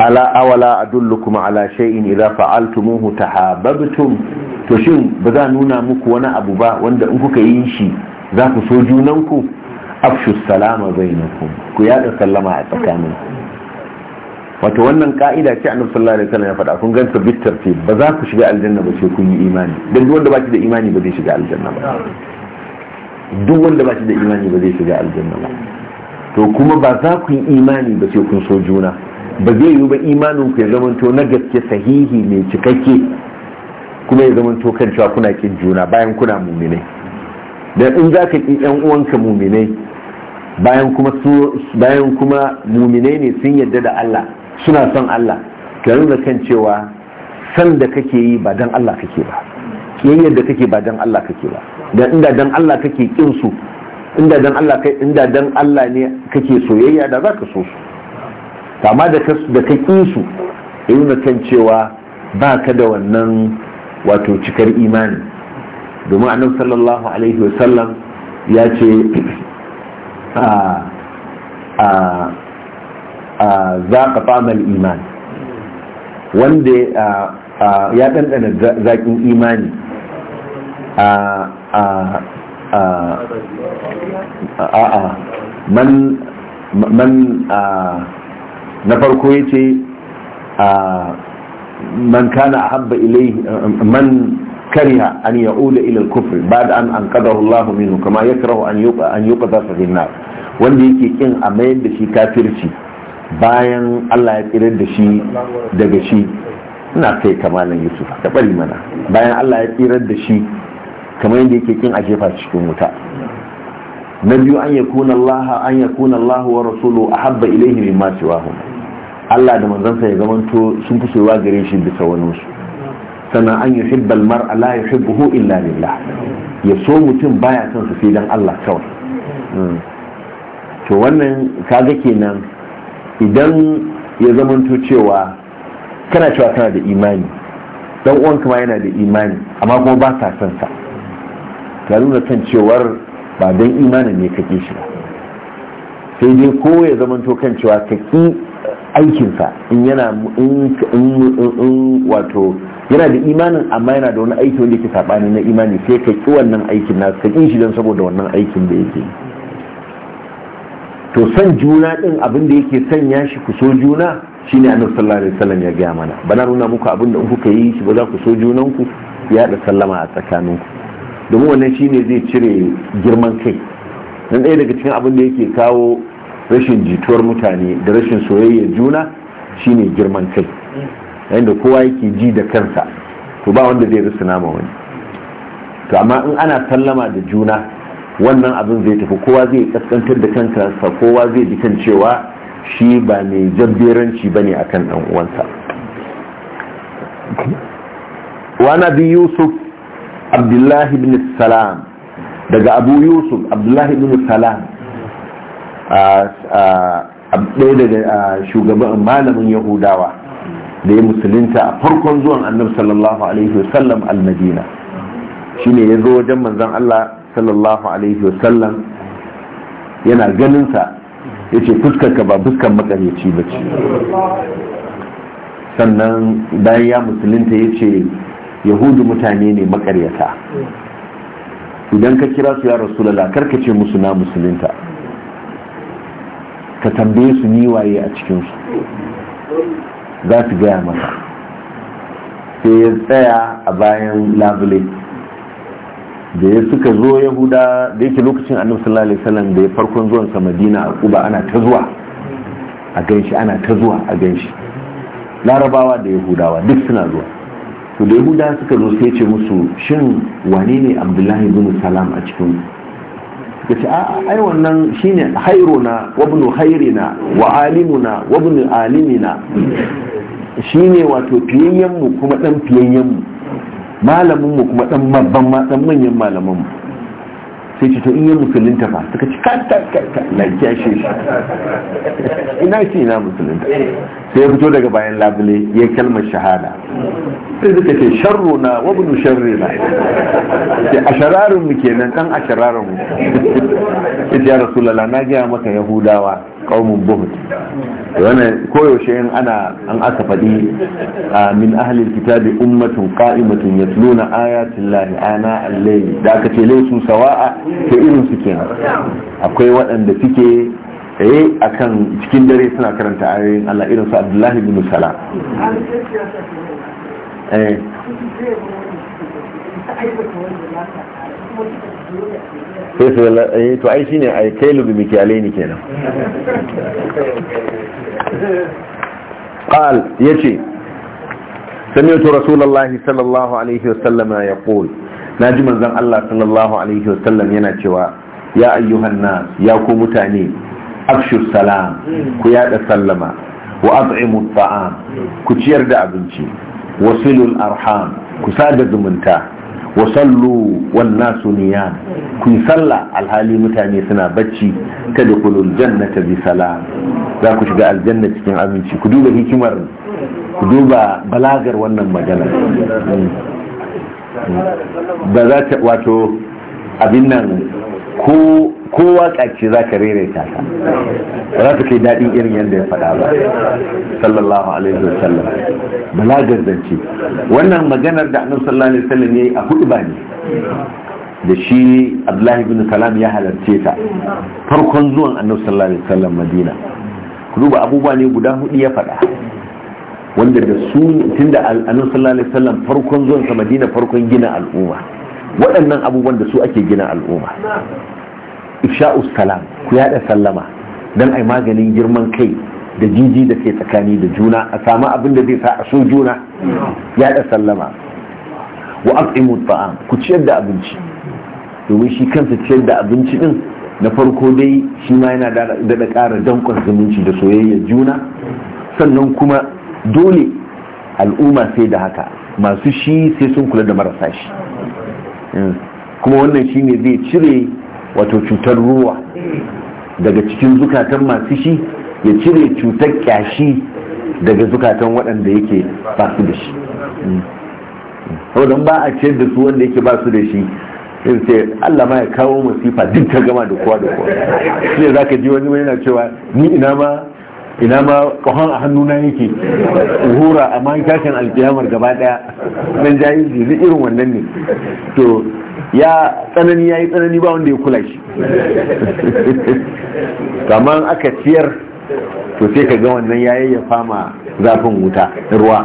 ala awala adullukum ala shay'in idza fa'altumuhu tahabbtum to shin ba za nuna muku wani abu ba wanda in kuka yi shi za ku so junanku afshu salama bainakum ku yada sallama a tsakanin wato wannan ka'ida ce annabi sallallahu alaihi wasallam ya faɗa kun ganta bitar ce ba za ku shiga aljanna ba sai kun yi imani dan duk wanda ba shi da imani ba zai shiga aljanna ba duk wanda ba shi da imani ba zai shiga aljanna ba to kuma ba za ku yi imani ba sai kun so juna ba zai yi ba imanin ku ya to na gaske sahihi mai cikakke kuma ya zamanto kan cewa kuna kin juna bayan kuna muminai da in za ka ƙi ƴan uwanka muminai bayan kuma bayan kuma muminai ne sun yadda da Allah suna son Allah ka nuna kan cewa san da kake yi ba don Allah kake ba ƙiyayyar da kake ba don Allah kake ba da inda don Allah kake ƙin su inda don Allah inda don Allah ne kake soyayya da za ka so su amma da ka ƙin su ya nuna kan cewa ba ka da wannan wato cikar imani domin annabi sallallahu alaihi wasallam ya ce za ka famal iman wanda ya ɗanɗana zaƙin imani a'a man man na farko ya ce man kana habba ilai man كره أن يعود إلى الكفر بعد أن أنقذه الله منه كما يكره أن يقذف في النار wanda yake kin a mayar da shi kafirci bayan Allah ya tsirar da shi daga shi ina kai kama kamalan Yusuf ka bari mana bayan Allah ya tsirar da shi kamar yadda yake kin a jefa cikin wuta na biyu an yakuna Allah an yakuna Allah wa rasulu ahabba ilayhi mimma siwahum Allah da manzansa ya zamanto sun fi soyuwa gare shi bisa wani su sannan an yi hibbal mar'a la ya hibbuhu illa lillah ya so mutum baya son su sai dan Allah kawai hmm. to wannan kaga kenan idan ya zamanto cewa kana cewa kana da imani dan uwanka ma yana da imani amma kuma ba sa son sa nuna kan cewar ba dan imanin ne kake shi ba sai dai ko ya zamanto kan cewa ka ki aikinsa in yana in wato yana da imanin amma yana da wani aiki wanda yake saɓani na imani sai ka ki wannan aikin na ka ki shi don saboda wannan aikin da yake to san juna ɗin abin da yake sanya shi ku so juna shine annabi sallallahu alaihi wasallam ya gaya mana bana nuna muku abin da in kuka yi shi ba za ku so junan ku ya da sallama a tsakanin ku domin wannan shine zai cire girman kai nan ɗaya daga cikin abin da yake kawo rashin jituwar mutane da rashin soyayya juna shine girman kai yadda kowa yake ji da kansa to ba wanda zai rusuna ma wani to amma in ana sallama da juna wannan abin zai tafi kowa zai kaskantar da kanka kowa zai ji kan cewa shi ba mai jabberanci bane akan dan uwansa wa bi yusuf abdullahi ibn salam daga abu yusuf abdullahi ibn salam a ah, ah, ɗaya daga ah, shugaban malamin yahudawa da ya musulunta a farkon zuwan annabi sallallahu alaihi sallam al-madina shine ya zo wajen manzon Allah sallallahu alaihi sallam yana ganin sa yace fuskar ka ba fuskar makaryaci bace sannan bayan ya musulunta yace yahudu mutane ne makaryata idan ka kira su ya rasulullah karka ce musu na musulunta ka tambaye su ni waye a cikin su za su gaya masa sai ya tsaya a bayan labule da ya suka zo yahuda da yake lokacin annabi sallallahu alaihi wasallam da ya farkon zuwan sa madina a kuba ana ta zuwa a ganshi ana ta zuwa a ganshi larabawa da yahudawa duk suna zuwa to da yahuda suka zo sai ya ce musu shin wane ne abdullahi bin salam a cikin ya ce a ah, ai wannan shine hairuna wa ibn hairina wa alimuna wa ibn alimina shine wato fiyayyen mu kuma dan fiyayyen mu malamin mu kuma dan babban dan manyan malaman mu sai ce to in yi musulunta ba suka ci kanta kanta na kyashe shi ina ce ina musulunta sai ya fito daga bayan labule ya kalmar shahada sai suka ce sharro na wabinu sharri na ce a mu kenan dan a shararin mu ya ce ya rasulala na gaya maka yahudawa qaumun buhud wannan koyaushe in ana an aka faɗi min ahlil kitabi ummatun qa'imatun yatluna ayatin lahi ana al-layl da aka ce laysu sawa'a to irin su kenan akwai waɗanda suke eh akan cikin dare suna karanta ayoyin Allah irin su Abdullahi bin Salam eh sai su yi eh, to ai shine ai kai lubi mikiyale ni kenan qal yace سمعت رسول الله صلى الله عليه وسلم يقول ناجي منزن Allah Sallallahu alaihi عليه وسلم yana cewa ya ayyuhan nas ya ku mutane afshu salam ku yada sallama wa at'imu ta'am ku ciyar da abinci wasilul arham ku sada zumunta wa sallu wan nasu ku yi sallah alhali mutane suna bacci ta dukulul jannata bi sala. za ku shiga aljanna cikin aminci ku duba hikimar ku duba balagar wannan magana ba za ta wato abin nan ko waka ce za ka rere ta ta za ta kai daɗin irin yadda ya faɗa ba sallallahu alaihi wasallam balagar zance wannan maganar da annabi sallallahu alaihi wasallam yayi a hudu bani da shi abdullahi ibn salam ya halarce ta farkon zuwan annabi sallallahu alaihi wasallam madina duba abubuwa ne guda hudu ya faɗa wanda da su tunda annabi sallallahu alaihi wasallam farkon zuwan sa madina farkon gina al'umma waɗannan abubuwan da su ake gina al'umma ifsha'us salam ku yada sallama dan ai maganin girman kai da jiji da ke tsakani da juna a samu abin da zai sa a so juna ya da sallama wa aqimu ta'am ku ciyar da abinci domin shi kansa ciyar da abinci din na farko dai shi ma yana da ƙara danƙon zumunci da soyayya juna sannan kuma dole al'umma sai da haka masu shi sai sun kula da marasa shi hmm. kuma wannan shi ne zai cire wato cutar ruwa daga cikin zukatan masu shi ya cire cutar kyashi daga zukatan waɗanda yake ba su da shi wadan ba a ce da su wanda yake ba su da shi in ce Allah ma ya kawo masifa duk ta gama da kowa da kowa shi ne za ka ji wani yana cewa ni ina ma ina ma kohon a hannuna yake hura amma kashin alkiyamar gaba daya nan jahilci zai irin wannan ne to ya tsanani ya yi tsanani ba wanda ya kula shi kamar aka ciyar to sai ka ga wannan ya yayyafa ma zafin wuta ruwa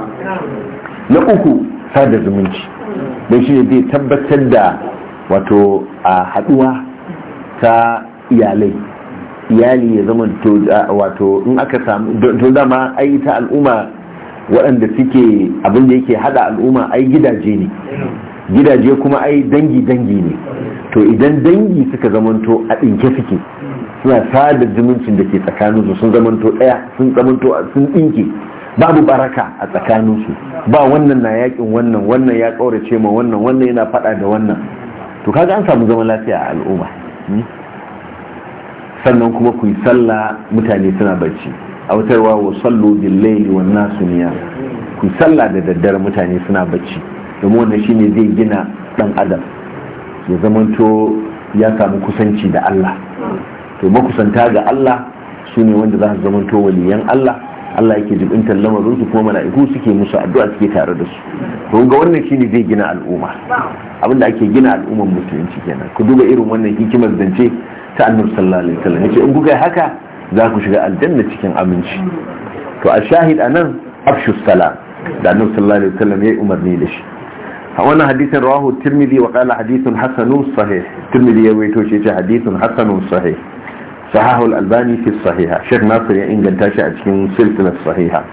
na uku sada zumunci don shi ne zai tabbatar da wato a haduwa ta iyalai iyali ya zama wato in aka samu to dama ai ta al'umma waɗanda suke abin da yake hada al'umma ai gidaje ne gidaje kuma ai dangi dangi ne to idan dangi suka zamanto a ɗinke suke suna sadar zumuncin da ke tsakaninsu sun zamanto ɗaya sun zamanto sun ɗinke babu baraka a tsakaninsu ba wannan na yakin wannan wannan ya ƙaurace ma wannan wannan yana faɗa da wannan to kaga an samu zaman lafiya a al'umma hmm? sannan kuma ku yi sallah mutane suna bacci a wutar wa sallu bil laili wan nasu niya ku yi sallah da daddare mutane suna bacci domin wannan shine zai gina dan adam ya zamanto ya samu kusanci da Allah to makusanta ga Allah su ne wanda za su zamanto waliyan Allah Allah yake jibintar lamarin su kuma mala'iku suke musu addu'a suke tare da su to ga wannan shine zai gina al'umma abin da ake gina al'umman musulunci kenan ku duba irin wannan hikimar zance ta annabi sallallahu alaihi wasallam yace in kuka haka za ku shiga aljanna cikin aminci to a shahid anan afshu salam da annabi sallallahu alaihi wasallam ya umarni da shi a wannan hadisin rawahu tirmidhi wa qala hadithun hasanun sahih tirmidhi ya waito shi ce hadithun hasanun sahih صحاح الألباني في الصحيحة شيخ ناصر يعين قنتاشا أجنون سلسلة الصحيحة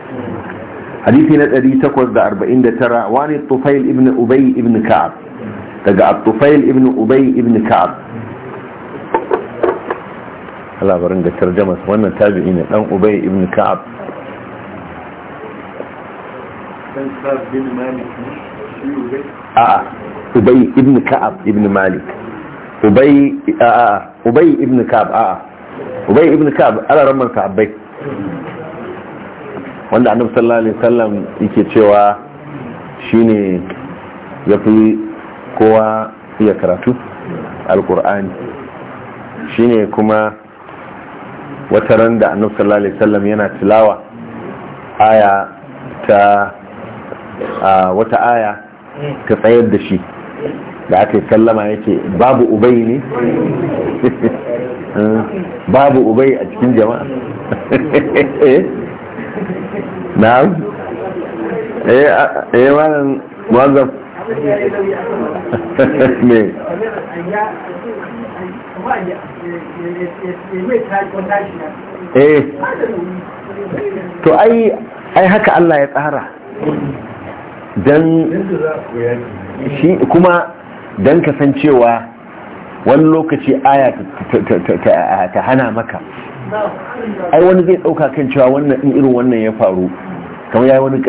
حديثي نتأدي تقول دا أربعين دا ترى واني الطفيل ابن أبي ابن كعب تقع الطفيل ابن أبي ابن كعب هلا برنجة ترجمة وانا تابعين الأم آه. أبي ابن كعب
ابن مالك
ابن كعب ابن مالك أبي آه، آه. أبي ابن كعب أه ubay ibn ka'ab ala ramman sahabbai wanda annabi sallallahu alaihi wasallam yake cewa shine yafi kowa iya karatu alqur'ani shine kuma wata ran da annabi sallallahu alaihi wasallam yana tilawa aya ta wata aya ta tsayar da shi da aka yi sallama yake babu ubai ne eh, babu ubai a cikin jama'a eh, na'am eh wannan wanzan
ne eh
to ai ai haka Allah ya tsara dan shi kuma don kasancewa wani lokaci aya ta hana maka ai wani zai ɗauka kan cewa wannan in irin wannan ya faru kamar ya yi wani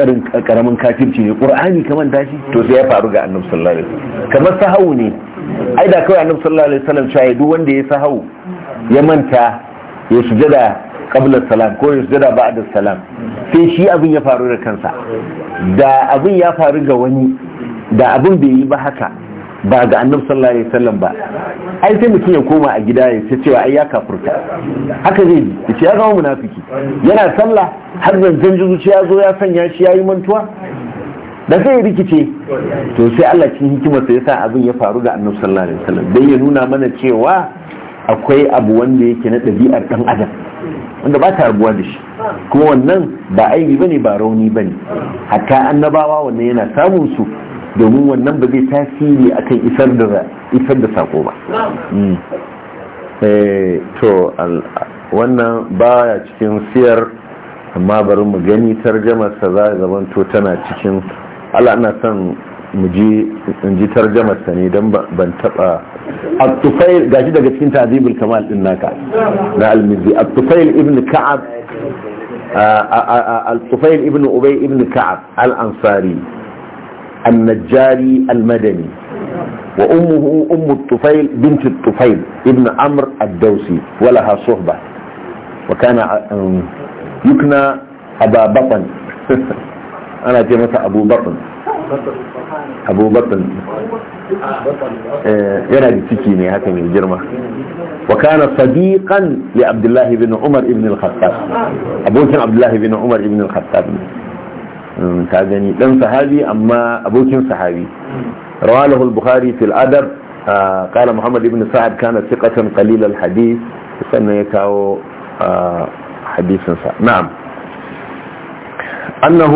karamin kafirci ne ƙur'ani kamar tashi to sai ya faru ga annabi sallallahu alaihi wasallam kamar sahau ne ai da kawai annabi sallallahu alaihi wasallam cewa duk wanda ya sahau ya manta ya sujada qabla salam ko ya sujada ba'da salam sai shi abin ya faru da kansa da abin ya faru ga wani da abin bai yi ba haka ba ga annab sallallahu alaihi wasallam ba ai sai mutum ya koma a gida ya ce cewa ai ya kafurta haka zai ya ce ya zama munafiki yana sallah har zanzan ya zo ya sanya shi yayi mantuwa da sai rikice to sai Allah cikin hikimar sa abin ya faru ga annab sallallahu alaihi wasallam dan ya nuna mana cewa akwai abu wanda yake na ɗabi'ar ɗan adam wanda ba ta rabuwa da shi kuma wannan ba aibi bane ba rauni bane hatta annabawa wannan yana samun su domin wannan ba zai tasiri akan isar da isar da sako ba hmm. eh, to wannan baya cikin siyar amma bari mu gani sa za a to tana cikin Allah ana son mu ji tarjamarsa ne don ban taba
abtufail
gashi daga cikin tazibul kamal din naka na almizi abtufail ibn ka'ab al ibn ubay ibn ka'ab al-ansari النجاري المدني وامه ام الطفيل بنت الطفيل ابن عمرو الدوسي ولها صحبة وكان يكنى ابا بطن انا جمت ابو بطن
ابو بطن انا آه،
جتكيني هكا من الجرمة وكان صديقا لعبد الله بن عمر بن الخطاب ابو عبد الله بن عمر بن الخطاب ka gani dan sahabi amma abokin sahabi rawalahu al-bukhari fil adab qala muhammad ibn sa'ad kana thiqatan qalil al-hadith sannan ya kawo hadisin sa na'am أنه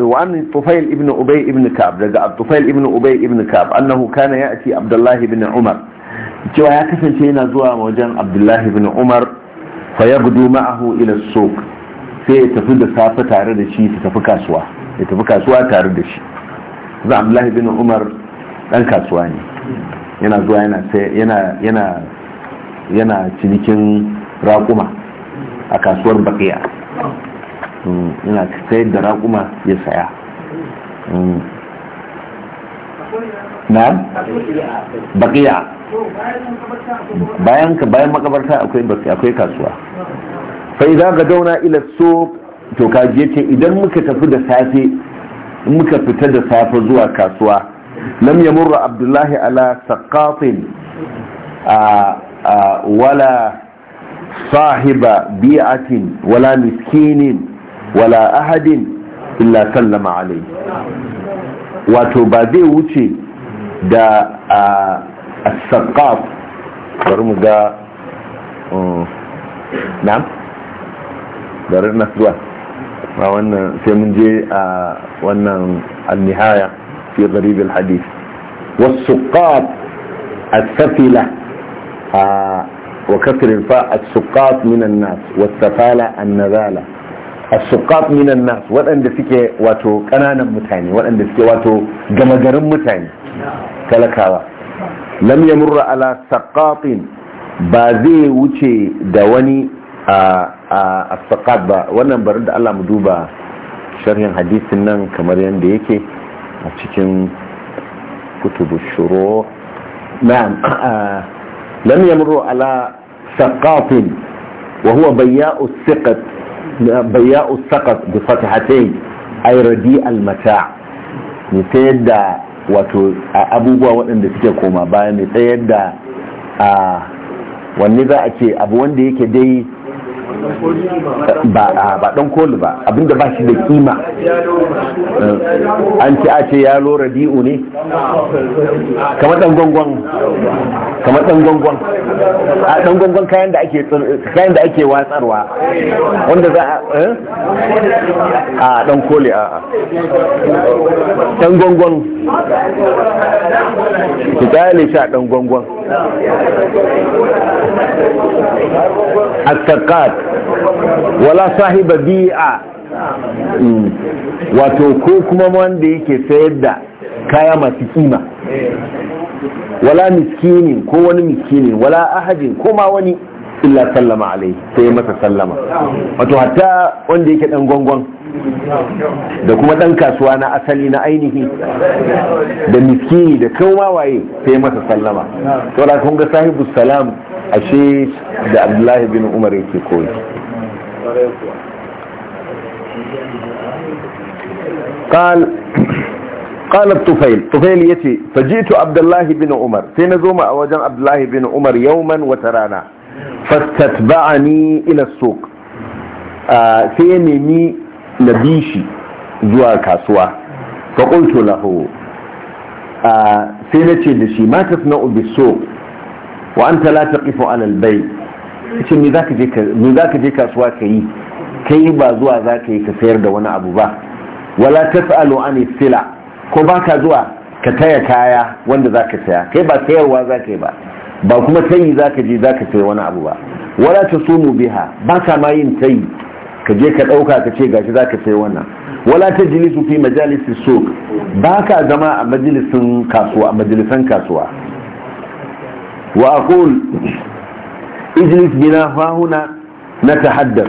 وعن طفيل ابن أبي ابن كعب رجع طفيل ابن أبي ابن كعب أنه كان يأتي عبد الله بن عمر جوا يكفن شيء نزوا موجان عبد الله بن عمر فيغدو معه إلى السوق sai ya tafi da safe tare da shi ta tafi kasuwa ya tafi kasuwa tare da shi za a lahi bin umar dan kasuwa ne yana zuwa yana yana yana yana cinikin raƙuma a kasuwar bakiya mm, yana sayar da raƙuma ya saya mm. na
bakiya bayan
makabarta akwai kasuwa fa idan ga dauna ila so to kaji ce, idan muka tafi da safe muka fita da safe zuwa kasuwa lam murra abdullahi ala saqatin wala sahiba bi'atin wala miskinin wala ahadin illa sallama alai wato ba zai wuce da a bari mu ga um, na'am garin nasuwa ma wannan sai mun je a wannan annihaya fi garib alhadis wasu qat asfila a wa kasrin fa asqat min annas wa asfala annazala asqat min annas wadanda suke wato kananan mutane wadanda suke wato gama garin mutane talakawa lam yamurra ala saqatin ba zai wuce da wani a sakat ba wannan bari da Allah mu duba sharhin hadisin nan kamar yadda yake a cikin kutubu shuro na'am lam yamru ala saqafin wa huwa bayya'u thiqat bayya'u saqat bi fathatayn ay radi al mata' ne ta yadda wato abubuwa waɗanda suke koma bayan ne ta yadda wanne za a ce abu wanda yake dai ba don koli ba abinda ba shi da kima
eh, an ce a ce
ya lura di'u ne
kamar dan gongon
kamar dan gongon a dan gongon kayan da ake kayan da ake watsarwa wanda za a eh? a dan koli a dan gongon ki kyale shi a dan gongon attaqat wala sahiba bi'a wato ko kuma wanda yake sayar da kaya masu kima wala miskinin ko wani miskinin wala ahadin ko ma wani illa sallama alai sai masa sallama wato hatta wanda yake dan gongon da kuma ɗan kasuwa na asali na ainihi da miskini da koma waye sai masa sallama saboda kun ga sahibu salam ashe da abdullahi bin umar yake koyi قال قال الطفيل طفيل يتي فجئت عبد الله بن عمر فين سينزوم أوجن عبد الله بن عمر يوما وترانا فاستتبعني الى السوق فيني na bi shi zuwa kasuwa fa qultu lahu sai na ce da shi ma tasna'u so wa anta la taqifu ala albay me zaka je me zaka je kasuwa kai kai ba zuwa zaka yi ka sayar da wani abu ba wala tas'alu an sila ko baka zuwa ka taya kaya wanda zaka saya kai ba sayarwa zaka yi ba ba kuma tayi zaka je zaka sayi wani abu ba wala ta tasumu biha baka ma yin tayi ka je ka ɗauka ka ce gashi za ka sai wannan wala ta su fi majalisi so ba ka zama a majalisin kasuwa majalisan kasuwa wa aqul ijlis bina fahuna na tahaddar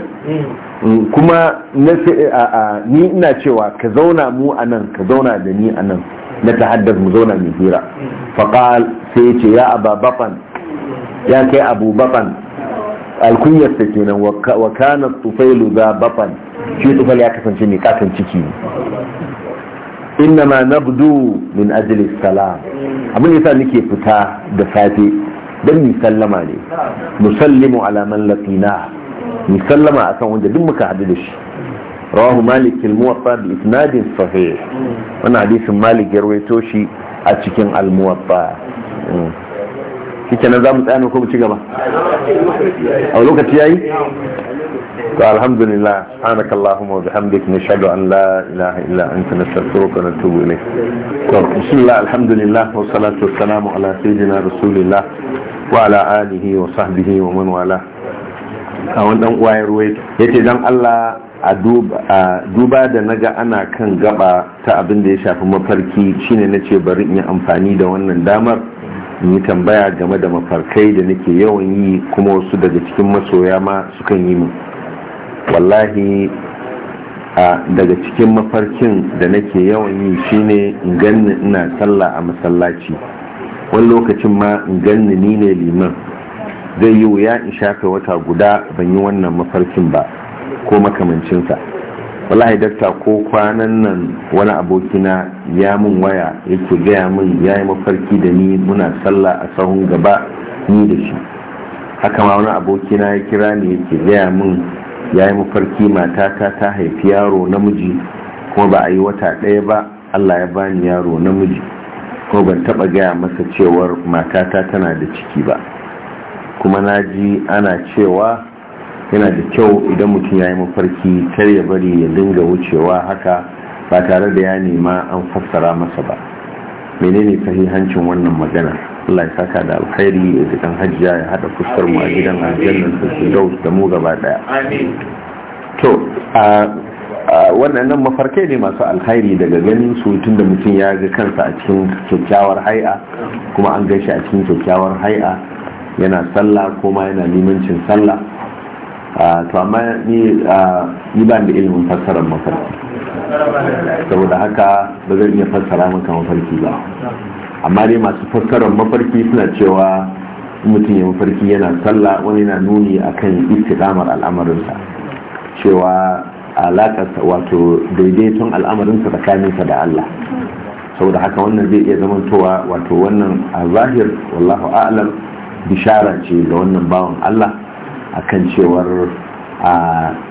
mm, kuma na ni ina cewa ka zauna mu a nan ka zauna da ni a nan na tahaddar mu zauna mai hira faƙal sai ya ce ya ababafan ya kai alkunyarsa kenan wa kana tufailu za bafan shi tufail ya kasance mai katon ciki inna ma nabdu min ajli salam abin yasa nake fita da safe dan ni sallama ne musallimu ala man laqina sallama akan wanda duk muka hadu da shi rawahu malik al-muwatta bi isnadin sahih wannan hadisin malik ya rawaito shi a cikin al-muwatta hmm. kike kenan za mu tsaya ne ko mu ci gaba
a lokaci yayi
to alhamdulillah allahumma wa bihamdik nashhadu an la ilaha illa anta nastaghfiruka wa natubu ilayk to bismillah alhamdulillah wa salatu wassalamu ala sayyidina rasulillah wa ala alihi wa sahbihi wa man wala a wani dan uwa ya yace dan Allah a duba da naga ana kan gaba ta abin da ya shafi mafarki shine nace bari in yi amfani da wannan damar in yi tambaya game da mafarkai da nake yawan yi kuma wasu daga cikin masoya ma sukan yi min. wallahi a daga cikin mafarkin da nake yawan yi shine in ganni ina sallah a masallaci wani lokacin ma in ganni ni ne liman zai yi wuya in shafe wata guda ban yi wannan mafarkin ba ko makamancinsa wallahi dakta ko kwanan nan wani abokina ya mun waya yake gaya mun ya yi mafarki da ni muna sallah a sahun gaba ni da shi haka ma wani abokina ya kira ni yake gaya mun ya yi mafarki matata ta haifi yaro namiji kuma ba a yi wata ɗaya ba allah ya bani yaro namiji kuma ban taɓa gaya masa cewar matata tana da ciki ba kuma na ji ana cewa yana da kyau idan mutum ya yi mafarki kar ya bari ya dinga wucewa haka ba tare da ya nema an fassara masa ba menene sahihancin wannan magana Allah ya saka da alkhairi ya zikan hajjiya ya haɗa fuskar mu a gidan aljannan firdaus da mu gaba ɗaya. to a wannan mafarkai ne masu alkhairi daga ganin su tunda mutum ya ga kansa a cikin kyakkyawar hai'a kuma an gaishe a cikin kyakkyawar hai'a yana sallah kuma yana limancin sallah Ah, to amma ni ah, ba da ilimin fassarar mafarki saboda haka ba zan iya fassara maka mafarki ba amma dai masu fassarar mafarki suna cewa mutum ya mafarki yana sallah wani yana nuni akan istidamar al'amarinsa cewa alaƙarsa wato daidaiton al'amarinsa tsakaninsa da Allah saboda haka wannan zai iya zamantowa wato wannan a zahir wallahu a'lam bishara ce ga wannan bawan Allah akan cewar a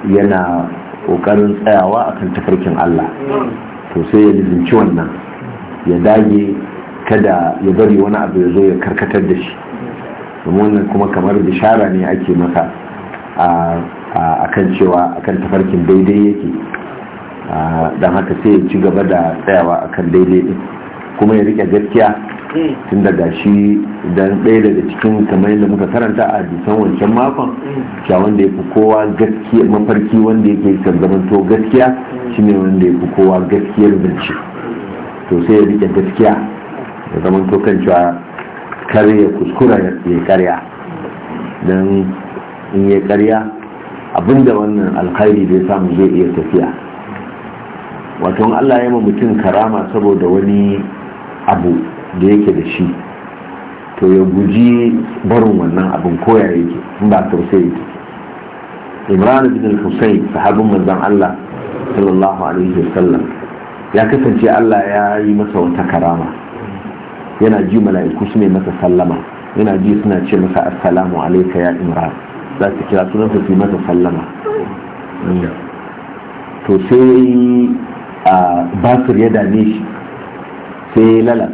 yana kokarin tsayawa akan tafarkin Allah to sai ya lizinci wannan ya dage kada ya bari wani abu ya zo ya karkatar da shi domin wannan kuma kamar bishara ne ake maka, a kan cewa akan tafarkin daidai yake don haka sai ya ci gaba da tsayawa akan daidai din kuma ya rike gaskiya hmm. tun daga shi dan ɗaya daga cikin kamar yadda muka karanta a bisan wancan makon hmm. cewa wanda ya fi kowa gaskiya mafarki wanda yake to gaskiya hmm. shine wanda ya fi kowa gaskiyar zance to sai ya rike gaskiya ya to kan cewa kare ya kuskura ya karya don in ya karya abinda wannan alkhairi bai samu zai iya tafiya wato Allah ya yi mutum karama saboda wani abu da yake da shi to ya guji barin wannan abin koya yake in ba tausayi ta imran bin al-husayn sahabin manzon Allah sallallahu alaihi wasallam ya kasance Allah ya yi masa wata karama yana ji mala'iku su ne masa sallama yana ji suna ce masa assalamu alaika ya imran za su kira sunansa su yi masa sallama to sai a basir ya dame shi sai lalas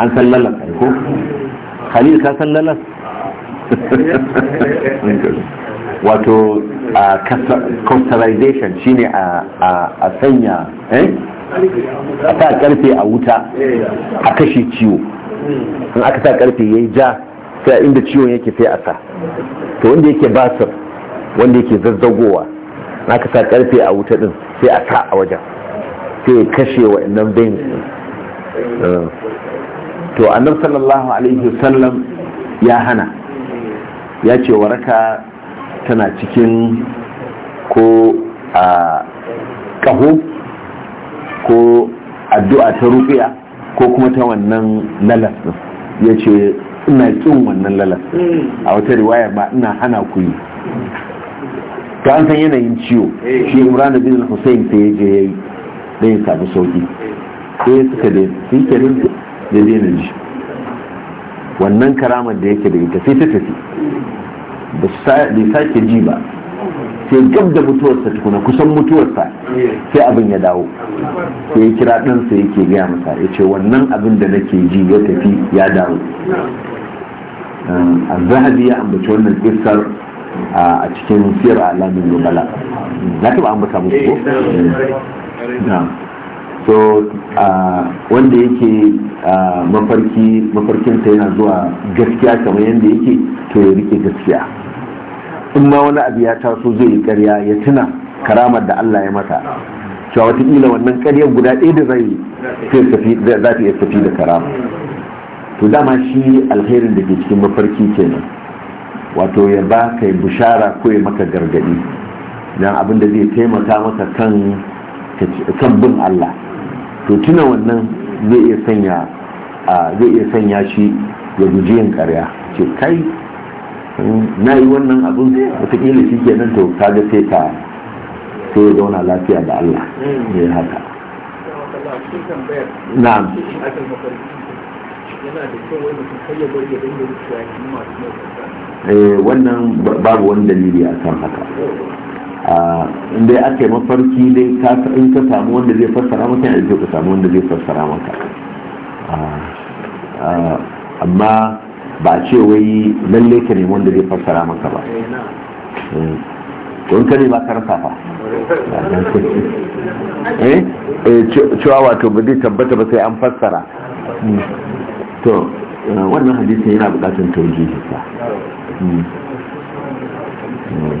an san lalas ko khalil ka san lalas wato a cauterization shine a sanya eh?
a sa karfe a wuta a kashe ciwo
in aka sa karfe ya yi ja sai inda ciwon yake sai a sa to wanda yake basir wanda yake zazzagowa aka sa karfe a wuta din sai a sa a wajen sai kashe wa'annan veins to annab sallallahu alaihi wasallam ya hana ya ce waraka tana cikin ko a ƙaho ko addu'a ta rufiya ko kuma ta wannan lalas ya ce ina kin wannan lalas a wata riwaya ba ina hana ku yi ta an san yanayin ciwo shi imran bin hussein ta ya je don ya samu sauki sai suka da su kenan da daina ji wannan karamar da yake da ita sai ta tafi bai sake ji ba sai gab da mutuwarsa tukuna kusan mutuwarsa sai abin ya dawo sai ya kira ɗansa yake gaya masa ya ce wannan abin da nake ji ya tafi ya dawo A ah, zahabi ya ambaci wannan kisar ah, a cikin siyar alamin rubala na ba ambata musu ko so uh, wanda yake uh, mafarki ta yana zuwa gaskiya kamar yadda yake to ya rike gaskiya in ma wani abu ya taso zai yi karya ya tuna karamar da Allah ya mata cewa watakila wannan karyar guda ɗaya da zai za ta tafi da karama to dama shi alherin da ke cikin mafarki kenan wato ya ba ka bishara ko ya maka gargaɗi don abin da zai taimaka maka kan kan bin Allah to tuna wannan zai iya sanya zai iya sanya shi ya guji yin karya ce kai na yi wannan abin wataƙila shi ke nan to ga sai ka sai ya zauna lafiya da Allah ya hmm. eh, haka
eh, wannan
babu wani dalili a kan haka in dai aka yi mafarki dai in ka samu wanda zai fassara maka yanzu ka samu wanda zai fassara maka amma ba ce wai lalle ka nemi wanda zai fassara maka ba don eh, ka ne ba ka fa eh, eh cewa wato ba zai tabbata ba sai an fassara hmm. to eh, wannan hadisin yana bukatun taujihi sa hmm. Hmm.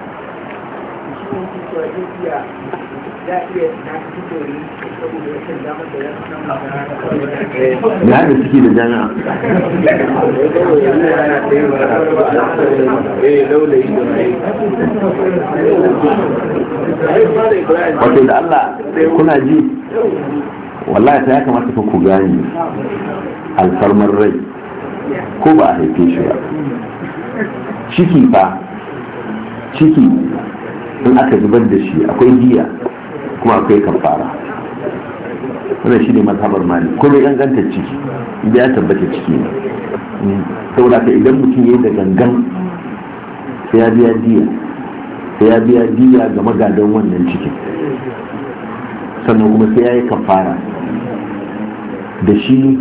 na haɗa ciki da jami'a eh, wato da Allah
kuna ji
wallahi ta ya kamata fa ku gane alfarmar rai ko ba a haife shi ba ciki ba ciki in aka zubar da shi akwai giya kuma akwai kafara wannan shi ne mazhabar mani ko bai ganganta ciki idan ya tabbata ciki ne saboda ka idan mutum ya yi da gangan sai ya biya diya sai ya biya diya ga magadan wannan cikin sannan kuma sai ya yi kafara da shi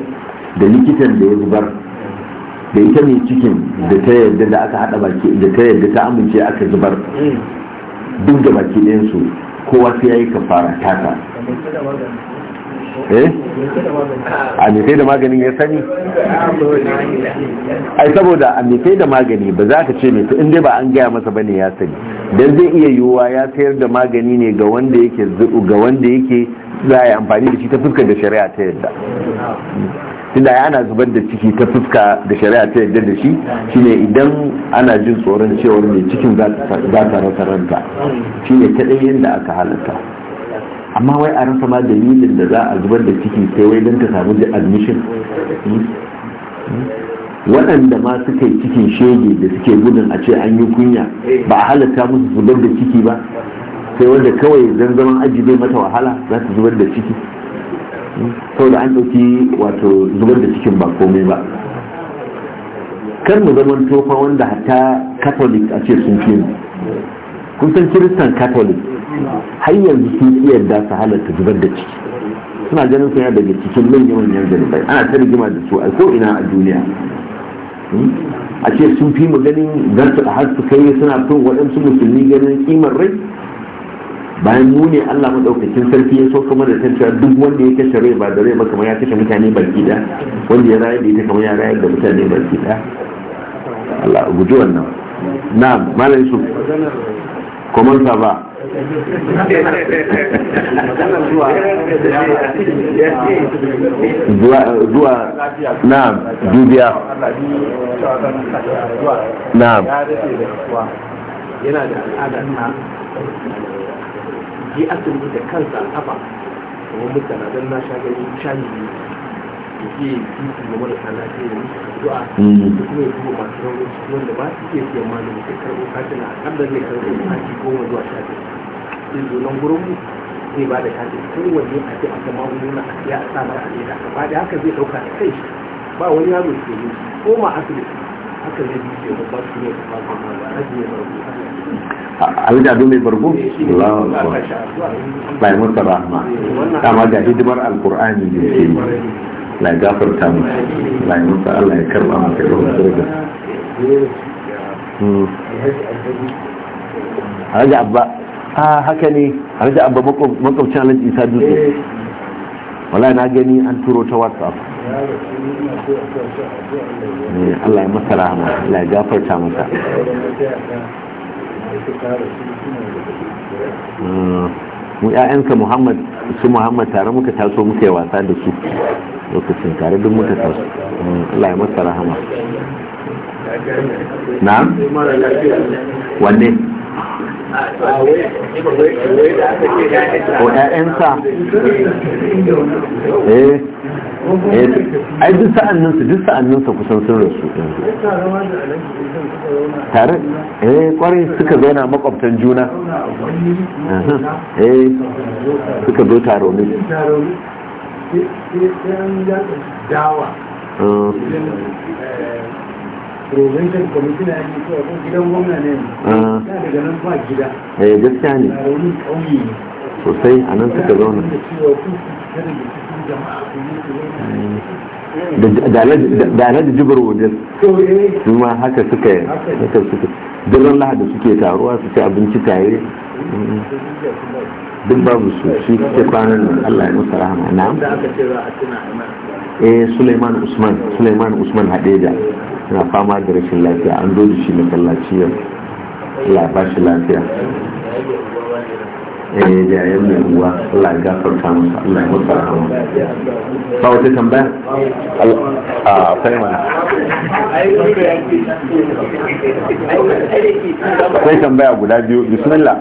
da likitan da ya zubar da ita mai cikin da ta yarda da aka haɗa baki da ta yarda ta amince aka zubar duk da baki ɗayan su kowa sai ya yi kafara taka
eh a da
maganin ya sani ai saboda a mai da magani ba za ka ce mai in dai ba an gaya masa bane ya sani don zai iya yiwuwa ya sayar da magani ne ga wanda yake ga wanda yake za a yi amfani da shi ta fuskar da shari'a ta yadda tunda ya ana zubar da ciki ta fuska da shari'a ta yadda da shi shine idan ana jin tsoron cewa mai cikin za ta rasa ranta shine kadai yadda aka halatta amma wai a rasa ma dalilin da za a zubar da ciki sai wai don ta samu da admission waɗanda ma suka yi cikin shege da suke gudun a ce an yi kunya ba a halatta musu zubar da ciki ba sai wanda kawai zan zaman aji mata wahala za ta zubar da ciki ko da an ɗauki wato zubar da cikin ba komai ba kar mu zaman tofa wanda hatta catholic a ce sun fi kun san kiristan catholic har yanzu sun iya yadda su halatta zubar da ciki suna ganin sun daga cikin manyan manyan zalibai ana ta rigima da su a ko ina a duniya hmm? a ce sun fi mu ganin zarta har su kai suna tun waɗansu musulmi ganin kimar rai bayan mu ne Allah madaukakin sarki ya so kamar da tantar duk wanda ya kashe rai ba da rai ba kamar ya kashe mutane baki da wanda ya rayar da ita kamar ya rayar da mutane baki da Allah guji wannan na'am malam su kuma sa ba zuwa na dubiya
na. yi asibiti da kansa a kuma muka na zan na shagari gani shani ne da ke yi da marasa lafiya da musu addu'a da mm. kuma yi kuma masu rauni wanda ba su iya siyan malu da karɓo katina a kan da zai karɓo kati goma zuwa sha biyu zai zo nan gurin mu zai ba da katin wani a ce a ga magunguna a siya a sa mara a leda ba da haka zai ɗauka da kai ba wani yaro ke yi koma asibiti haka zai bi ke ba su ne ba ba ba ba ba a ba ba
alhaji mai bargo bai masa rahma dama ga hidimar alkur'ani ne ke yi la gafarta mu bai masa allah ya karba masa yawan zirga
hmm. alhaji
abba a haka ne alhaji abba makwabcin alhaji isa dutse wala na gani an turo ta whatsapp
eh, Allah ya masa rahama
Allah ya gafarta masa mu ya'yanka muhammad su muhammad tare muka taso muka yi wasa da su lokacin tare duk muka taso mm, Allah ya masa rahama
na wanne
ko ƴaƴansa eh, eh ai duk
sa'anninsu, duk sa'anninsu kusan sun rasu
tare eh kwarai suka zauna makwabtan juna eh suka zo taro ne dawa
eh.
provincial gidan gwamna ah. eh, ne sosai a nan suka zauna
eh. da da jibar wajen eh. su ma haka suka yi haka suka lahada suke taruwa su ci abinci tare mm. duk babu su shi suke kwanan allah ya musa rahama na'am da
aka ce za a tuna a eh suleiman usman suleiman usman hadeja
yana fama da rashin lafiya an zo da shi masallaci yau la ba shi lafiya
eh da yayin mai ruwa Allah ya gafarta masa Allah ya mutsa rahama ba
wata tambaya a sai mana akwai tambaya guda biyu bismillah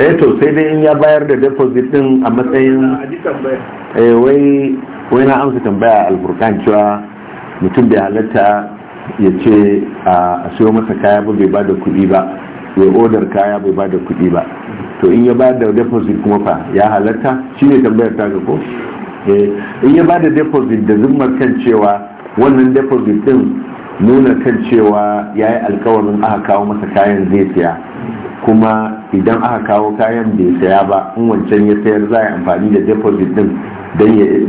eh to sai dai in ya bayar da deposit din a matsayin eh wai wai na amsa tambaya alburkan cewa mutum bai halatta ya ce a siyo masa kaya ba bai ba da kuɗi ba ya odar kaya bai ba da kuɗi ba to in ya ba da deposit kuma fa ya halatta shi ne tambayar ta ga ko eh, in ya ba da deposit da zimmar kan cewa wannan deposit din nuna kan cewa ya yi alkawarin aka kawo masa kayan zai saya kuma idan aka kawo kayan bai saya ba in wancan ya sayar za a amfani da deposit din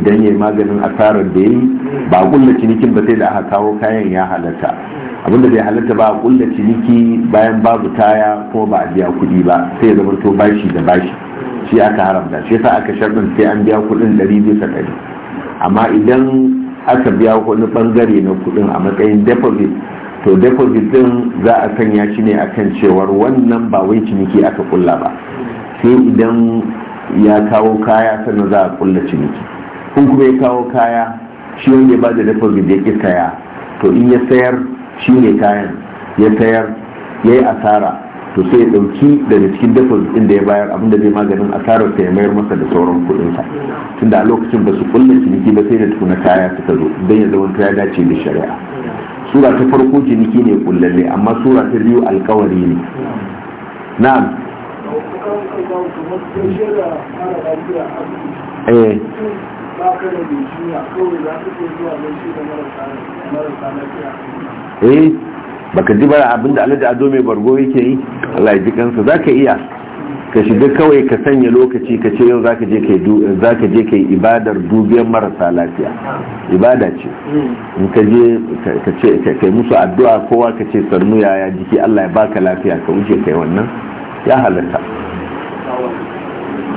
don ya maganin asarar da ya yi ba a kulla cinikin ba sai da aka kawo kayan ya halatta abinda bai halatta ba a kulla ciniki bayan babu taya ko ba a biya kuɗi ba sai ya zama to bashi da bashi shi aka haramta shi yasa aka sharɗin sai an biya kuɗin ɗari bisa ɗari amma idan aka biya wani bangare na kudin a matsayin deposit to deposit din za a sanya shi ne akan cewar wannan ba wai ciniki aka kulla ba sai idan ya kawo kaya sannan za a kulla ciniki kun kuma ya kawo kaya shi wanda ba da deposit ya ki saya to in ya sayar shi ne kayan ya sayar ya yi asara to sai ya dauki daga cikin deposit inda da ya bayar abinda zai maganin asarar ta ya mayar masa da sauran kuɗin tunda a lokacin ba su kulle ciniki ba sai da tukuna kaya suka zo don ya zama ya dace da shari'a sura ta farko ciniki ne kullalle amma sura ta biyu alkawari ne na'am eh, eh. baka ji bara abinda alhaji ado mai bargo yake yi Allah ya ji kansa zaka iya ka shiga kawai ka sanya lokaci ka ce yau zaka je kai zaka je kai ibadar dubiyar marasa lafiya ibada ce in ka je ka ce kai musu addu'a kowa ka ce sannu yaya jiki Allah ya baka lafiya ka wuce kai wannan ya halatta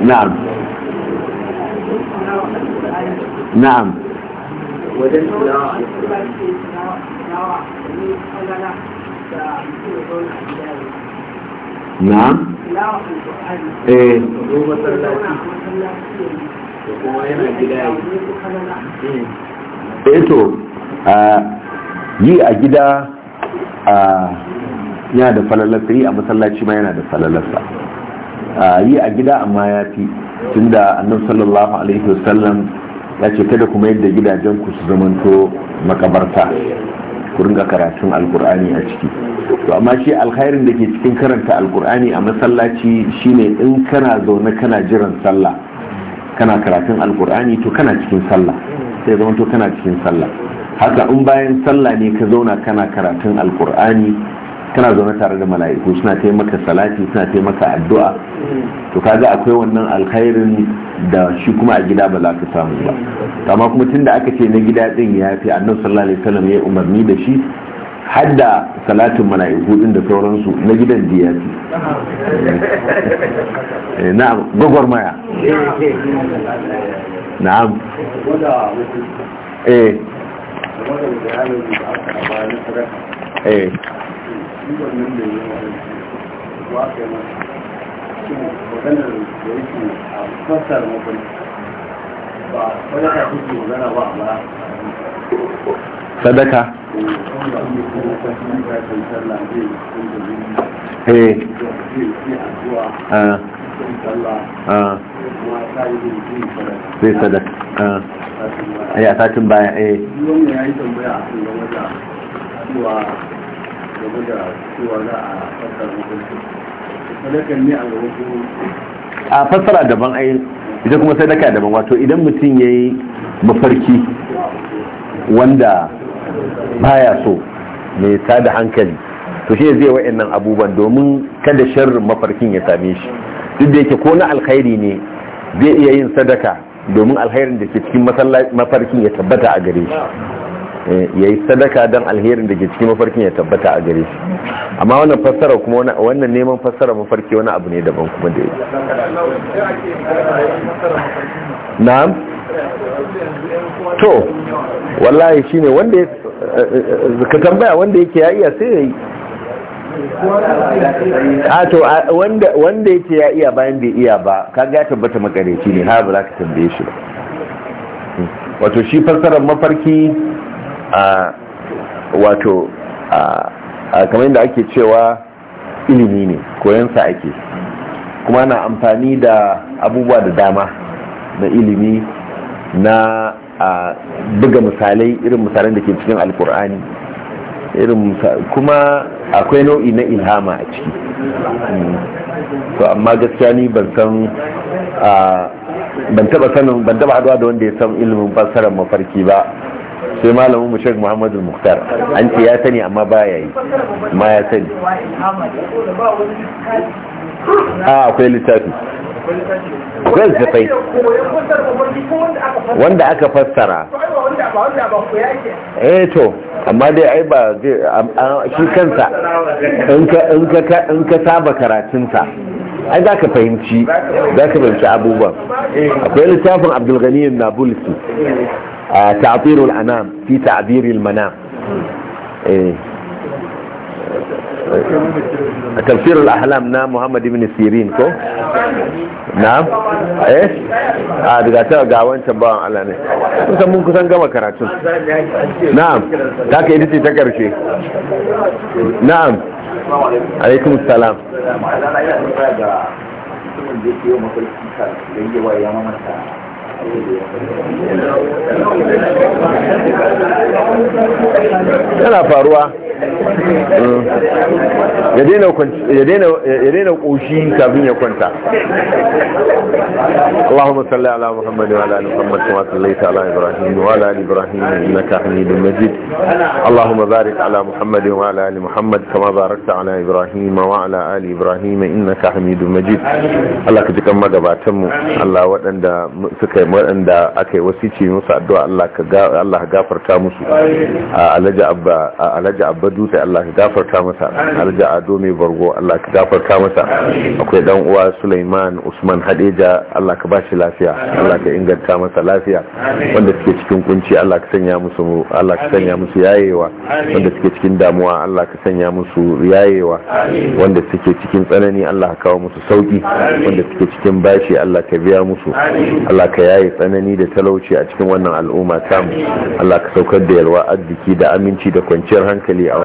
na'am na'am
wajen tilawa na? eh
eto eh a yi a gida a yana da falalarsa yi a masallaci ma yana da falalarsa a yi a gida amma ya fi tun da annabi sallallahu alaihi wasallam ya ce kada kuma yadda gidajenku su zamanto makabarta ku ringa karatun alkur'ani a ciki to amma shi alkhairin da ke cikin karanta alkur'ani a masallaci shine in kana zaune kana jiran sallah kana karatun alkur'ani to kana cikin sallah sai zama kana cikin sallah haka in bayan sallah ne ka zauna kana karatun alkur'ani kana zaune tare da mala'iku suna taimaka salati suna taimaka addu'a to kaga akwai wannan alkhairin da shi kuma a gida ba za ka samu ba amma kuma tunda aka ce na gida din ya fi annabi sallallahu alaihi wasallam ya umarni da shi hadda salatin mala'iku din da sauransu na gidan da ya fi eh, na gwagwarmaya na'am eh, eh.
sadaka eh.
ah. Ah.
zai sadaka
ya ah. satin baya eh.
game da a fassara hukunci a gaban
a fassara daban ai ita kuma sadaka daban wato idan mutum ya yi mafarki wanda baya so mai tada hankali to shi zai nan abubuwan domin kada sharrin mafarkin ya same shi duk da yake ko na alkhairi ne zai iya yin sadaka domin alkhairin da ke cikin mafarkin ya tabbata a gare shi Eh, ya yi sadaka don alherin da ke cikin mafarkin ya tabbata a gare shi amma wannan fassara kuma wannan neman fassara mafarki wani abu ne daban kuma da yake na'am
to wallahi
shine wanda ya ka tambaya wanda yake ya iya sai ya yi a to wanda yake ya iya bayan bai iya ba kaga ya tabbata makareci ne har ba za ka tambaye shi ba wato shi fassarar mafarki a wato a kamar yadda ake cewa ilimi ne koyansa ake kuma na amfani da abubuwa da dama na ilimi na a buga misalai irin misalan da ke cikin alkur'ani kuma akwai nau'i na ilhama a ciki mm. to amma gaskiya ni ban san ban taba sanin ban taba haduwa da wanda ya san ilimin fassarar mafarki ba sai malamin mu shek Muhammadu Mukhtar an ce ya sani amma ba ya yi ma ya sani a akwai littafi
akwai littafai wanda aka fassara
eh to amma dai ai ba shi kansa in ka saba karatunsa ai za ka fahimci za ka fahimci abubuwan akwai littafin abdulghani nabulsi
ta'tirul
anam fi ta'biril manam تفسير الاحلام نا محمد بن سيرين كو نعم eh a daga ta ga wancan bawan Allah kusan mun kusan gama karatun na'am ta ka ita ce ta karshe
na'am yana faruwa
ya daina ƙoshi kafin ya kwanta Allahumma salli ala Muhammad wa ala Muhammad kuma sallai ta ala Ibrahim wa ala Ibrahim na innaka da Majid Allahumma barik ala Muhammad wa ala ali Muhammad kama barakta ala Ibrahim wa ala ali Ibrahim innaka Hamidum Majid Allah ka ji kan magabatan mu Allah waɗanda suka yi waɗanda aka yi wasu ce musu addu'a Allah ka gafarta musu Alhaji Abba dutse Allah ka gafarta masa alhaji ado mai bargo Allah ka gafarta masa akwai dan uwa Sulaiman Usman Hadeja Allah ka bashi lafiya Allah ka inganta masa lafiya wanda suke cikin kunci Allah ka sanya musu Allah ka sanya musu yayewa wanda suke cikin damuwa Allah ka sanya musu yayewa wanda suke cikin tsanani Allah ka kawo musu sauki wanda suke cikin bashi Allah ka biya musu Allah ka yaye tsanani da talauci a cikin wannan al'umma tamu Allah ka saukar da yalwa arziki da aminci da kwanciyar hankali
a